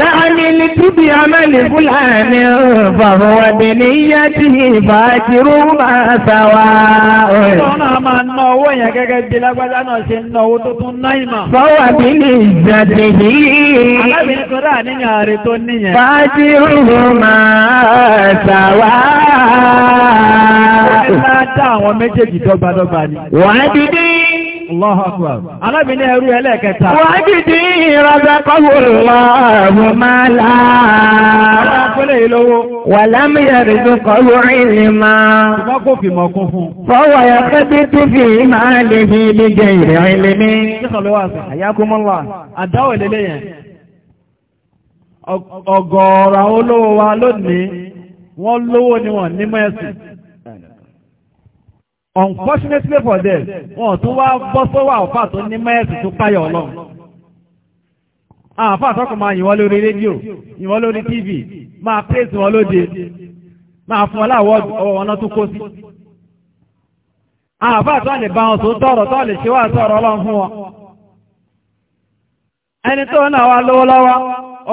Láàrin ní túbí amẹ́lì Fúlàní fàfọwọ́dé ní yá tí ìbá ti rú máa sàwà. Ọ̀nà máa ná owó yẹn gẹ́gẹ́ bí lágbàjá náà ṣe ná owó tó tún ná ìmà. Fọ́wà bí ní ìjàdé yìí. Alábìnrin tó rà Bá ti rú Wọ́n ti dín Allahu akbar. Alábìnrin ẹrú ẹlẹ́ẹ̀kẹta. Wọ́n dìdí ìrọ̀bẹ̀ kọ́wòrò ọ̀rọ̀ máa láàá. Ọlọ́pẹ́lẹ̀ yìí lówó. Wà lámìyàrí tó kọ́wò ìlú máa. Ṣùgbọ́n kò fi mọ̀ kún fún. Fọ́wọ́ ya pé tí tí máa lè fi ilé jẹ ìrìn ilé ní. Àyákúmọ́lá unfortunately for them wọn tún wá bọ́ sọ́wọ́ àwọ̀fà tó ní mẹ́ẹ̀sì tó páyọ̀ ọlọ́run àwọ̀fà tọ́kùn máa yìn wọ́n lórí rédíò yìn wọ́n lórí tv máa pèsè wọn lóde máa fún ọláwọ́ ọ̀nà tó kó sí àwọ̀fà tó lè bá wọn tó tọ̀rọ̀ tó lè ṣe wà tọ̀rọ̀ ọlọ́run fún wọn ẹni tó náà wá lọ́wọ́lọ́wọ́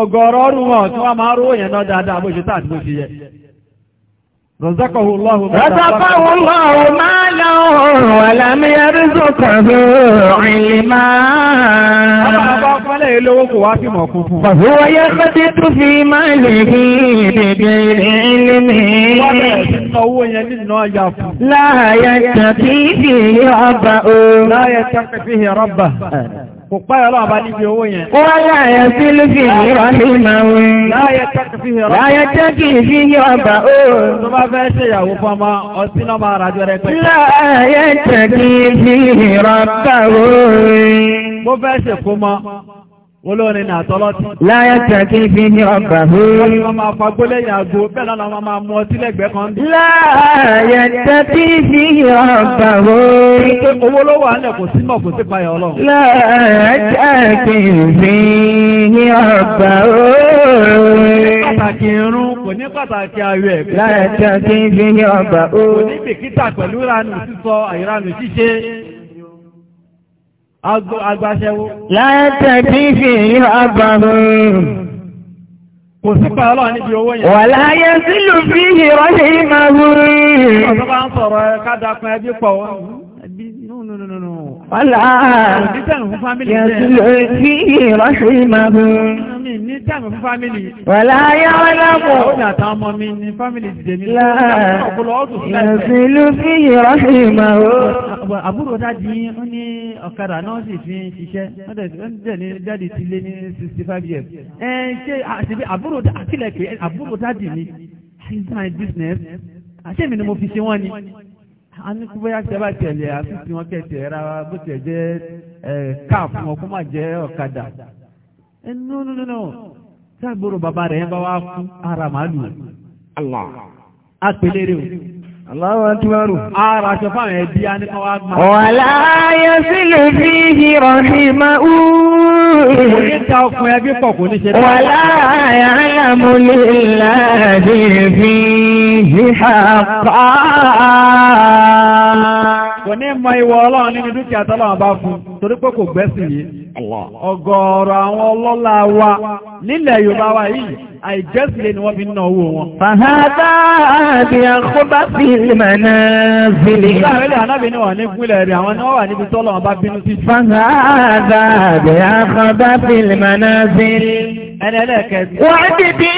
ọgọ́rọ̀ ọrùn wọn tí wọ́n máa rówó yẹn náà dáadáa bó ṣe tá àti bó ṣe yẹ رزقه الله رزقه الله مالا ولم يرزقه علما فهو يخطط في ماله بغير علم لا يتقي فيه ربه لا يتقي فيه ربه kò páyọ̀ lọ́wọ́ bá níbi owó yẹn. Ó láyẹ̀ sí lókè ìrọ̀ ní ìmọ̀ Láyé tẹ́kì fi yí ọba ó. Tó bá fẹ́ ṣe ìyàwó fún ọmọ ọtí náà máa rájọ rẹ pẹ́. Láyé tẹ́kì fi ìrọ̀ bá ó. Mo fẹ́ ṣe fún mọ́ olórin ní àtọ́lọ́tí. Láyé tẹ̀kí fi ní ọgbà fún. Wọ́n ni wọ́n máa ìyàgò bẹ́ẹ̀ lọ́nà wọ́n máa mú ọtí lẹ́gbẹ̀ẹ́ kan dé. Láyé tẹ̀kí fi ní ọgbà fún. Owó ló wà nílẹ̀ kò símọ̀ kò sí payọ̀ ọlọ́run. Láyé tẹ̀kí fi ní ọgbà fún. Pàtàkì irun kò ní pàtàkì ayọ̀ ẹ̀. Láyé tẹ̀kí fi ní ọgbà fún. Kò ní agbáṣẹ́wó. Láyẹ́tẹ̀bí fi àbàrùn. Kò sí pa ọlọ́run níbi owó yẹn. Wà láyé sílù fi ń sọ̀rọ̀ kádákun ẹbí Wọ́lá yẹ̀tùlẹ̀ sí ìrọ́ṣù ìmọ̀bù. Wọ́lá yọ́ lọ́pọ̀. Yẹ̀tùlẹ̀ sí ìrọ́ṣù ìmọ̀bù. Àbúrò dájí ó ní ọ̀kadà náà sì fi ń ṣiṣẹ́. Wọ́n dẹ̀ ní dájí ti lé ní 65 years. Ẹ ṣe àṣìbí àbúrò dájí ni. He's my business. Àṣẹ́mi ni mo fi ṣe wọ́n ni a ní kúbẹ́ àṣẹbà tẹ̀lé àtúntì wọn kẹ̀tẹ̀ ra bó tẹ̀ jẹ́ káàpù wọn kó má jẹ́ ọ̀kadà ẹ nù nù nù nù bàbá rẹ̀ yẹn bá wá kú ara màálù àpèlérè o. Allahu akbaru. Ara aṣọ fáwọn ẹbí a wá gbà. Wàlá yẹ sílẹ̀ fi hìrọ̀ hìmọ̀ úú. Oníta ọkùn ẹbí pọ̀ kò ní ṣe dáa. Wàlá àyàmú nílá ní fi mọ ìwọ ọlọ́run nínú dúkìá tọ́lọ́run bá fún torí pé kò gbẹ́sìn yìí ọ̀gọ̀ọ̀rọ̀ àwọn ọlọ́lá wa nílẹ̀ Yorùbá wa yìí àìjẹ́sìlẹ̀ ni wọ́n fi ná owó wọn. fàhádà àbí àkóbá sí ìlànà zìlì. láàrin ànábì ni wọ́n ní gúnlẹ̀ rẹ̀ àwọn ni wọ́n wà níbi tọ́lọ̀ wọn bá bínú sí. fàhádà àbí àkóbá sí ìlànà zìlì. ẹni ẹlẹ́kẹ̀ẹ́sì. wọ́n ti bí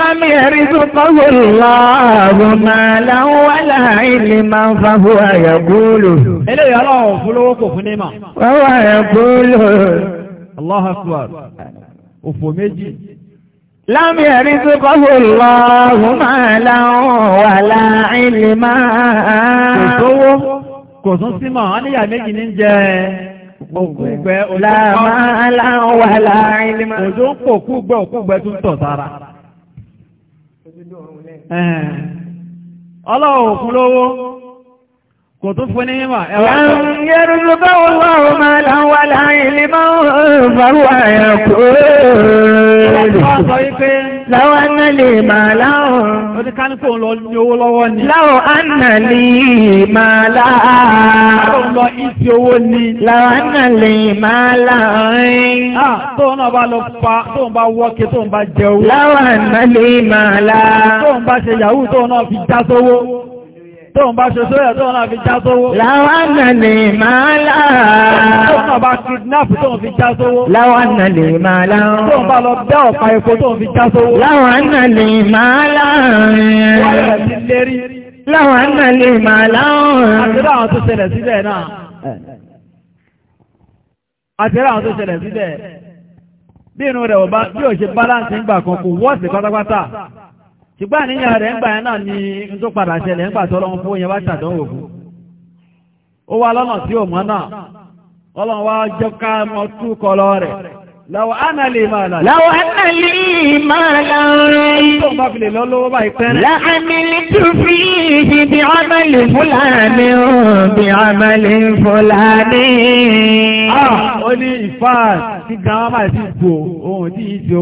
لم يرزقه الله مالا ولا علما فهو يقول wà ẹ̀kúlò. Allahu Akbar. Òfò meji Láàmì ẹ̀rí tó kọ́kọ́ lọ, láwọn wà láàrin lè máa. Kò sówó, kò sún símọ̀, wọ́n níyà kò tó fún ní mímọ̀ ẹwà yẹ́rùsù bá wọ́n wọ́n máa láwọ́ láàrin ilé máa ń farúwà ẹ̀kọ́ láwọ́ annalè máa láwọ́ oníkánikò lọ ní owó lọ́wọ́ ni láwọ́ annalè máa láwọ́ lọ ìsì owó ni láwọ́ annalè máa láàrin tóun náà bá lọ pa tóun bá wọ́kẹ́ tóun bá jẹ owó láwọ́ annalè máa láwọ́ tóun bá ṣe yahoo tóun náà fi já sówó tóun bá ṣe sóyà tóun náà fi já sówó. Láwọn nà lè máa láàá. Tóun náà bá kìdínápù tóun fi já sówó. Láwọn nà lè máa láàá. Tóun bá lọ bẹ́ ọ̀pá epo tóun fi já sówó. Láwọn nà lè máa láàá. Láwọn nà tó ṣẹlẹ̀ síbẹ̀ náà. Àti láwọn tó ṣẹlẹ̀ síbẹ̀. Bí inú rẹ̀ ò bá bí ò ṣe báláǹsì ń gbà kan kò wọ́ọ̀sì pátápátá. ṣùgbọ́n àníyàn rẹ̀ ń gbà yẹn náà ni n tó padà ṣẹlẹ̀ ń gbà tó fún yẹn ṣàdánwò fún ó wá lọ́nà tí ò mọ́ náà ọlọ́run wá jẹ́ ká mọ tú kọlọ rẹ̀ lọ́wọ́ ánà lè lọ́wọ́ rẹ̀. tó ń bá fi o fúlàní. Ah, ó ní ìfà gan-an máa ti ohun tí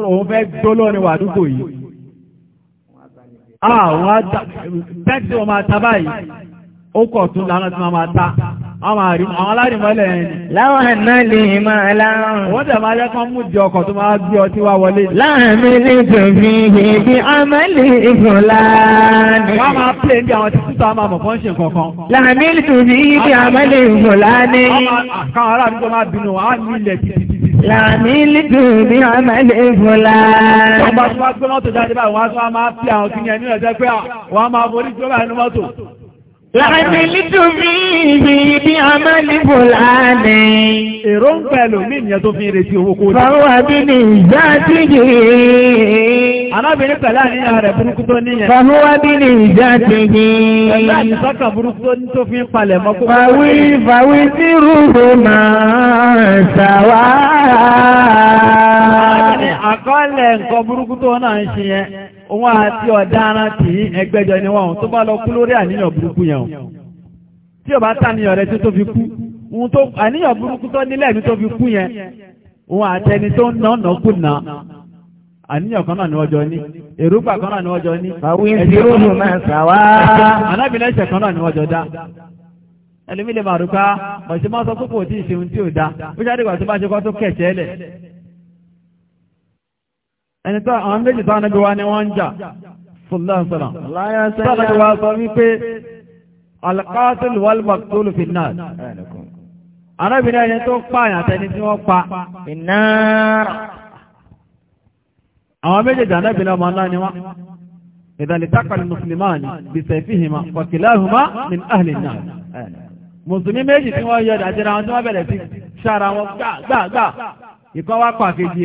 owó fẹ́ yìí. àwọn ah, tẹ́tí wọn máa ta báyìí ó kọ̀ tún lánàá tí wọ́n máa ta àwọn alárìnmọ́lẹ̀ ẹni. láwọn náà lè máa láwọn. wọ́n tẹ̀ máa yẹ́kọ́ mú jẹ ọkọ̀ tó máa gbé ọtí wá wọlé. láàmì lè tòbí ibi ọmọlè ìfòláàní. wọ́n máa pè ní àwọn títí tó máa mọ̀ kán ṣe kankan. láàmì lè tòbí ibi ọmọlè ìfòláàní. àwọn ará àdúgbò máa bínú àwọn ilẹ̀ títí Làmí lídù ní ọmọ ilé ìfúnlá. Ọba tí wọ́n gbé mọ́tò jáde báyìí, wọ́n á sọ máa fi àwọn kìnìyàn ní ọ̀sẹ̀ pé wọ́n á máa forí tí ó bá ẹnu mọ́tò. Láàrínlítò bí ibi ibi àmàlìbò láàrin. Èrò ń pẹ̀lú ní ìyẹn tó fi ń retí owó kó dé. Fọwọ́ bí ní ìjá tíjì. Arábìnrin pẹ̀lú àníyàn rẹ̀ burúkú tó níyẹn. Fọwọ́ bí ní ìjá tíjì. Pẹ̀lú àdìsọ́kà burúkú tó ní tó fi ń palẹ̀ mọ́ Fàwí fàwí òun àti ọ̀daràn tí ẹgbẹ́jọ ni wọ́n tó bá lọ kú lórí àníyàn burúkú yẹn tí ọ ọba tàníyàn rẹ̀ tí tó fi kú àníyàn burúkú tó nílẹ̀ ní tó fi kú yẹn òun àtẹni tó ń ná ọ̀nà kù náà àníyàn kan náà ni ọjọ́ ní èrúgbà kan náà ni ọjọ́ ní ẹ̀ṣẹ̀ kan náà ni ọjọ́ dá ẹlòmílẹ̀ màrúkà ah, bọ̀ṣẹ́ máa sọ pé kò tí ì ṣe ohun tí ò dá ó ṣáà dìgbà tó ẹni tó àwọn méjì tó ànábì wa ni wọ́n ń jà sọ̀lọ́sọ̀lọ́ sọ̀lọ́sọ̀lọ́ wa sọ wípé alqatil wal maqtul fin nar arábìnrin ẹni tó pààyàn àtẹni tí wọ́n pa ìnáàrà àwọn méjèèjì arábìnrin ọmọ náà ni wọ́n ìdàlítàkàlì mùsùlùmáàni bisayfihima wa kilahuma min ahli an-nar mùsùlùmí méjì tí wọ́n yọ ìdájẹ́ra wọn tí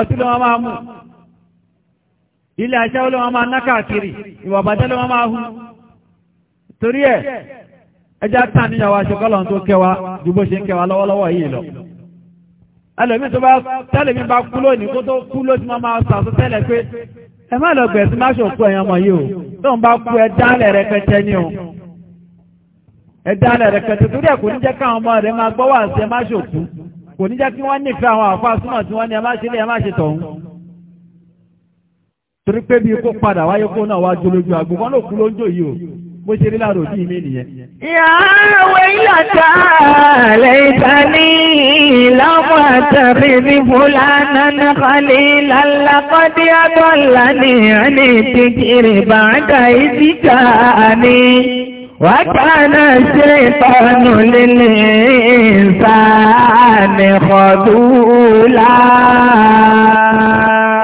ọtí ló wọn máa mú ilé aṣẹ́ ló wọn máa ná káàkiri ìwà bàjẹ́ ló wọn máa hù torí ẹ̀ ẹjá tàn níyàwó aṣọ́kọ́lọ̀ tó kẹwa ju bó ṣe ń kẹwa lọ́wọ́lọ́wọ́ yìí lọ ẹlòmí tó bá tẹ́lẹ̀mí bá kú lónìí kó tó kú ló ti máa máa sàtó tẹ́lẹ̀ pé ẹ má lọ gbẹ̀sí má ṣòkú ẹ̀yàn mọ̀ yìí o tó ń bá kú ẹ dálẹ̀ rẹpẹtẹ ni o ẹ dálẹ̀ rẹpẹtẹ torí ẹ̀ kò ní jẹ́ káwọn ọmọ rẹ máa gbọ́ wà sí ẹ má ṣòkú kò ní jẹ́ kí wọ́n nífẹ̀ẹ́ àwọn àfáà súnmọ̀ tí wọ́n ní ẹ má ṣe torí pé bí kó padà wáyé kó náà wájú lójú àgbòkan ló kú ló ń jò yìí o bó ṣe rí láàrò bí mi nìyẹn. ìyáwó ìlàtà lẹ́ta ní ìlàmọ́ àtàrí ní fúlànà nàkàlì lálàkọ́dé àtọ́lá ní àní ìdíkiri bàdà ìdíkà ní. Wàkàná ṣe ìtọ́nù lílé ìsáàmì kọ̀dúlá.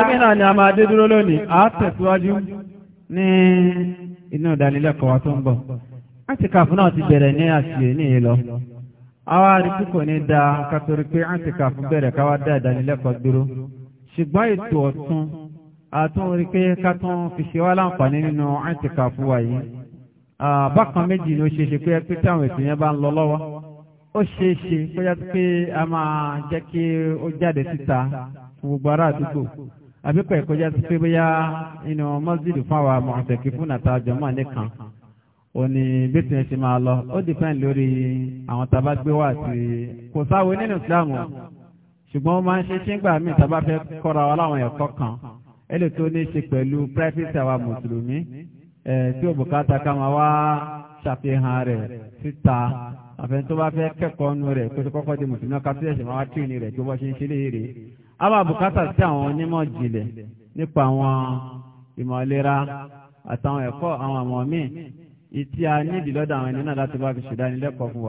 Ìmìnà ni a máa dé dúró lónìí, a tẹ̀síwájú ní inú ìdánilẹ́kọ̀ọ́ wa tó ń bọ̀. A ti kàfún náà ti bẹ̀rẹ̀ ní àṣìyè ní ìlọ. A wá rí tí kò ní da kàtòrí pé a ti kàfún bẹ̀rẹ̀ káwá dá ìdánilẹ́kọ̀ọ́ ká wá láǹfààní nínú bákan méjì ni ó ṣe é ṣe pé pé táwọn ètò yẹn bá ń lọ lọ́wọ́ ó ṣe é ṣe pé yá pé a máa jẹ́ kí ó jáde síta fún gbogbo ará àdúgbò àbí pẹ̀ kọjá sí pé bóyá inú mọ́sídìí fún àwọn àmọ̀tẹ̀kì fún àtàjọ mọ́ nìkan ó ní bẹ́tẹ̀ ṣe máa lọ ó dìpẹ́ǹd lórí àwọn tá gbé wá àti kò sáwo nínú ìsìláàmù ṣùgbọ́n máa ń ṣe ṣíngbà míì tá a bá fẹ́ kọ́ra wa láwọn ẹ̀kọ́ kan ẹ lè tó ní ṣe pẹ̀lú pírẹ́fíìsì àwa mùsùlùmí tí ó bùkátà ká wá ṣàfihàn rẹ̀ síta àfẹn tó bá fẹ́ kẹ́kọ̀ọ́ nu rẹ̀ kó kọ́kọ́ di mùsùlùmí ọkà tó yẹ̀sẹ̀ máa wá tíì ní rẹ̀ tó bọ́ ṣe ń ṣe léèrè. a máa bùkátà sí àwọn onímọ̀ jìnlẹ̀ nípa àwọn ìmọ̀lera àtàwọn ẹ̀kọ́ àwọn àmọ́ míì a níbi lọ́dọ̀ àwọn láti fi ṣèdánilẹ́kọ̀ọ́ fún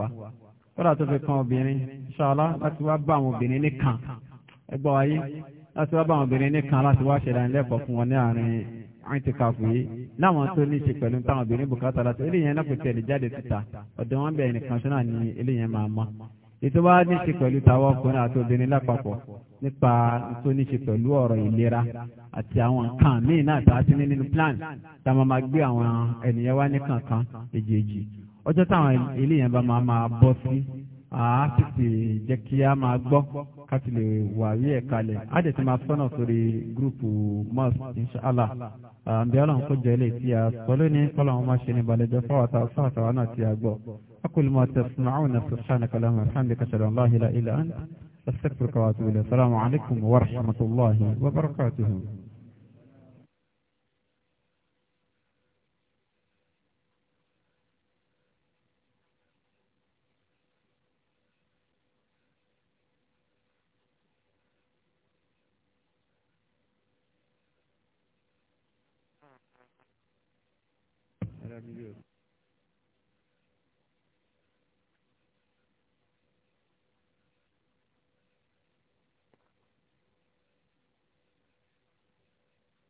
kan obìnrin ṣọlá láti wá bá àwọn obìnrin láti wá bá àwọn obìnrin àwọn ti kà fún yìí láwọn tó ní í ṣe pẹ̀lú táwọn obìnrin bùkátà láti eléyẹn náà kò tẹ̀lé jáde síta ọ̀dọ̀ wọn bẹ̀rẹ̀ nìkan ṣọ́nà ni eléyẹn máa mọ́ ètò wa ní í ṣe pẹ̀lú táwọn ọkùnrin àti obìnrin lápapọ̀ nípa tó ní í ṣe pẹ̀lú ọ̀rọ̀ ìlera àti àwọn nǹkan míì náà tá a ti ní nínú plan tá a máa gbé àwọn ènìyàn wá ní kankan èjèèjì ọjọ́ táwọn eléyẹn bá máa máa bọ́ sí àá tètè jẹ́ kí a máa gbọ́ káti lè wà rí ẹ̀ kalẹ̀ á dẹ̀ ti máa sọ́nà sórí gúrùpù mọ́s inṣàlá àǹbí ọlọ́run kó jẹ́ ilé tí a sọ lónìí kọ́lọ̀ wọn máa ṣe ní balẹ̀jọ́ fáwọ́ta fáwọ́ta náà tí a gbọ́ akul ma tasma'una subhanaka allahumma wa bihamdika ashhadu an la ilaha illa anta astaghfiruka wa atubu ilayk assalamu alaykum wa rahmatullahi wa barakatuh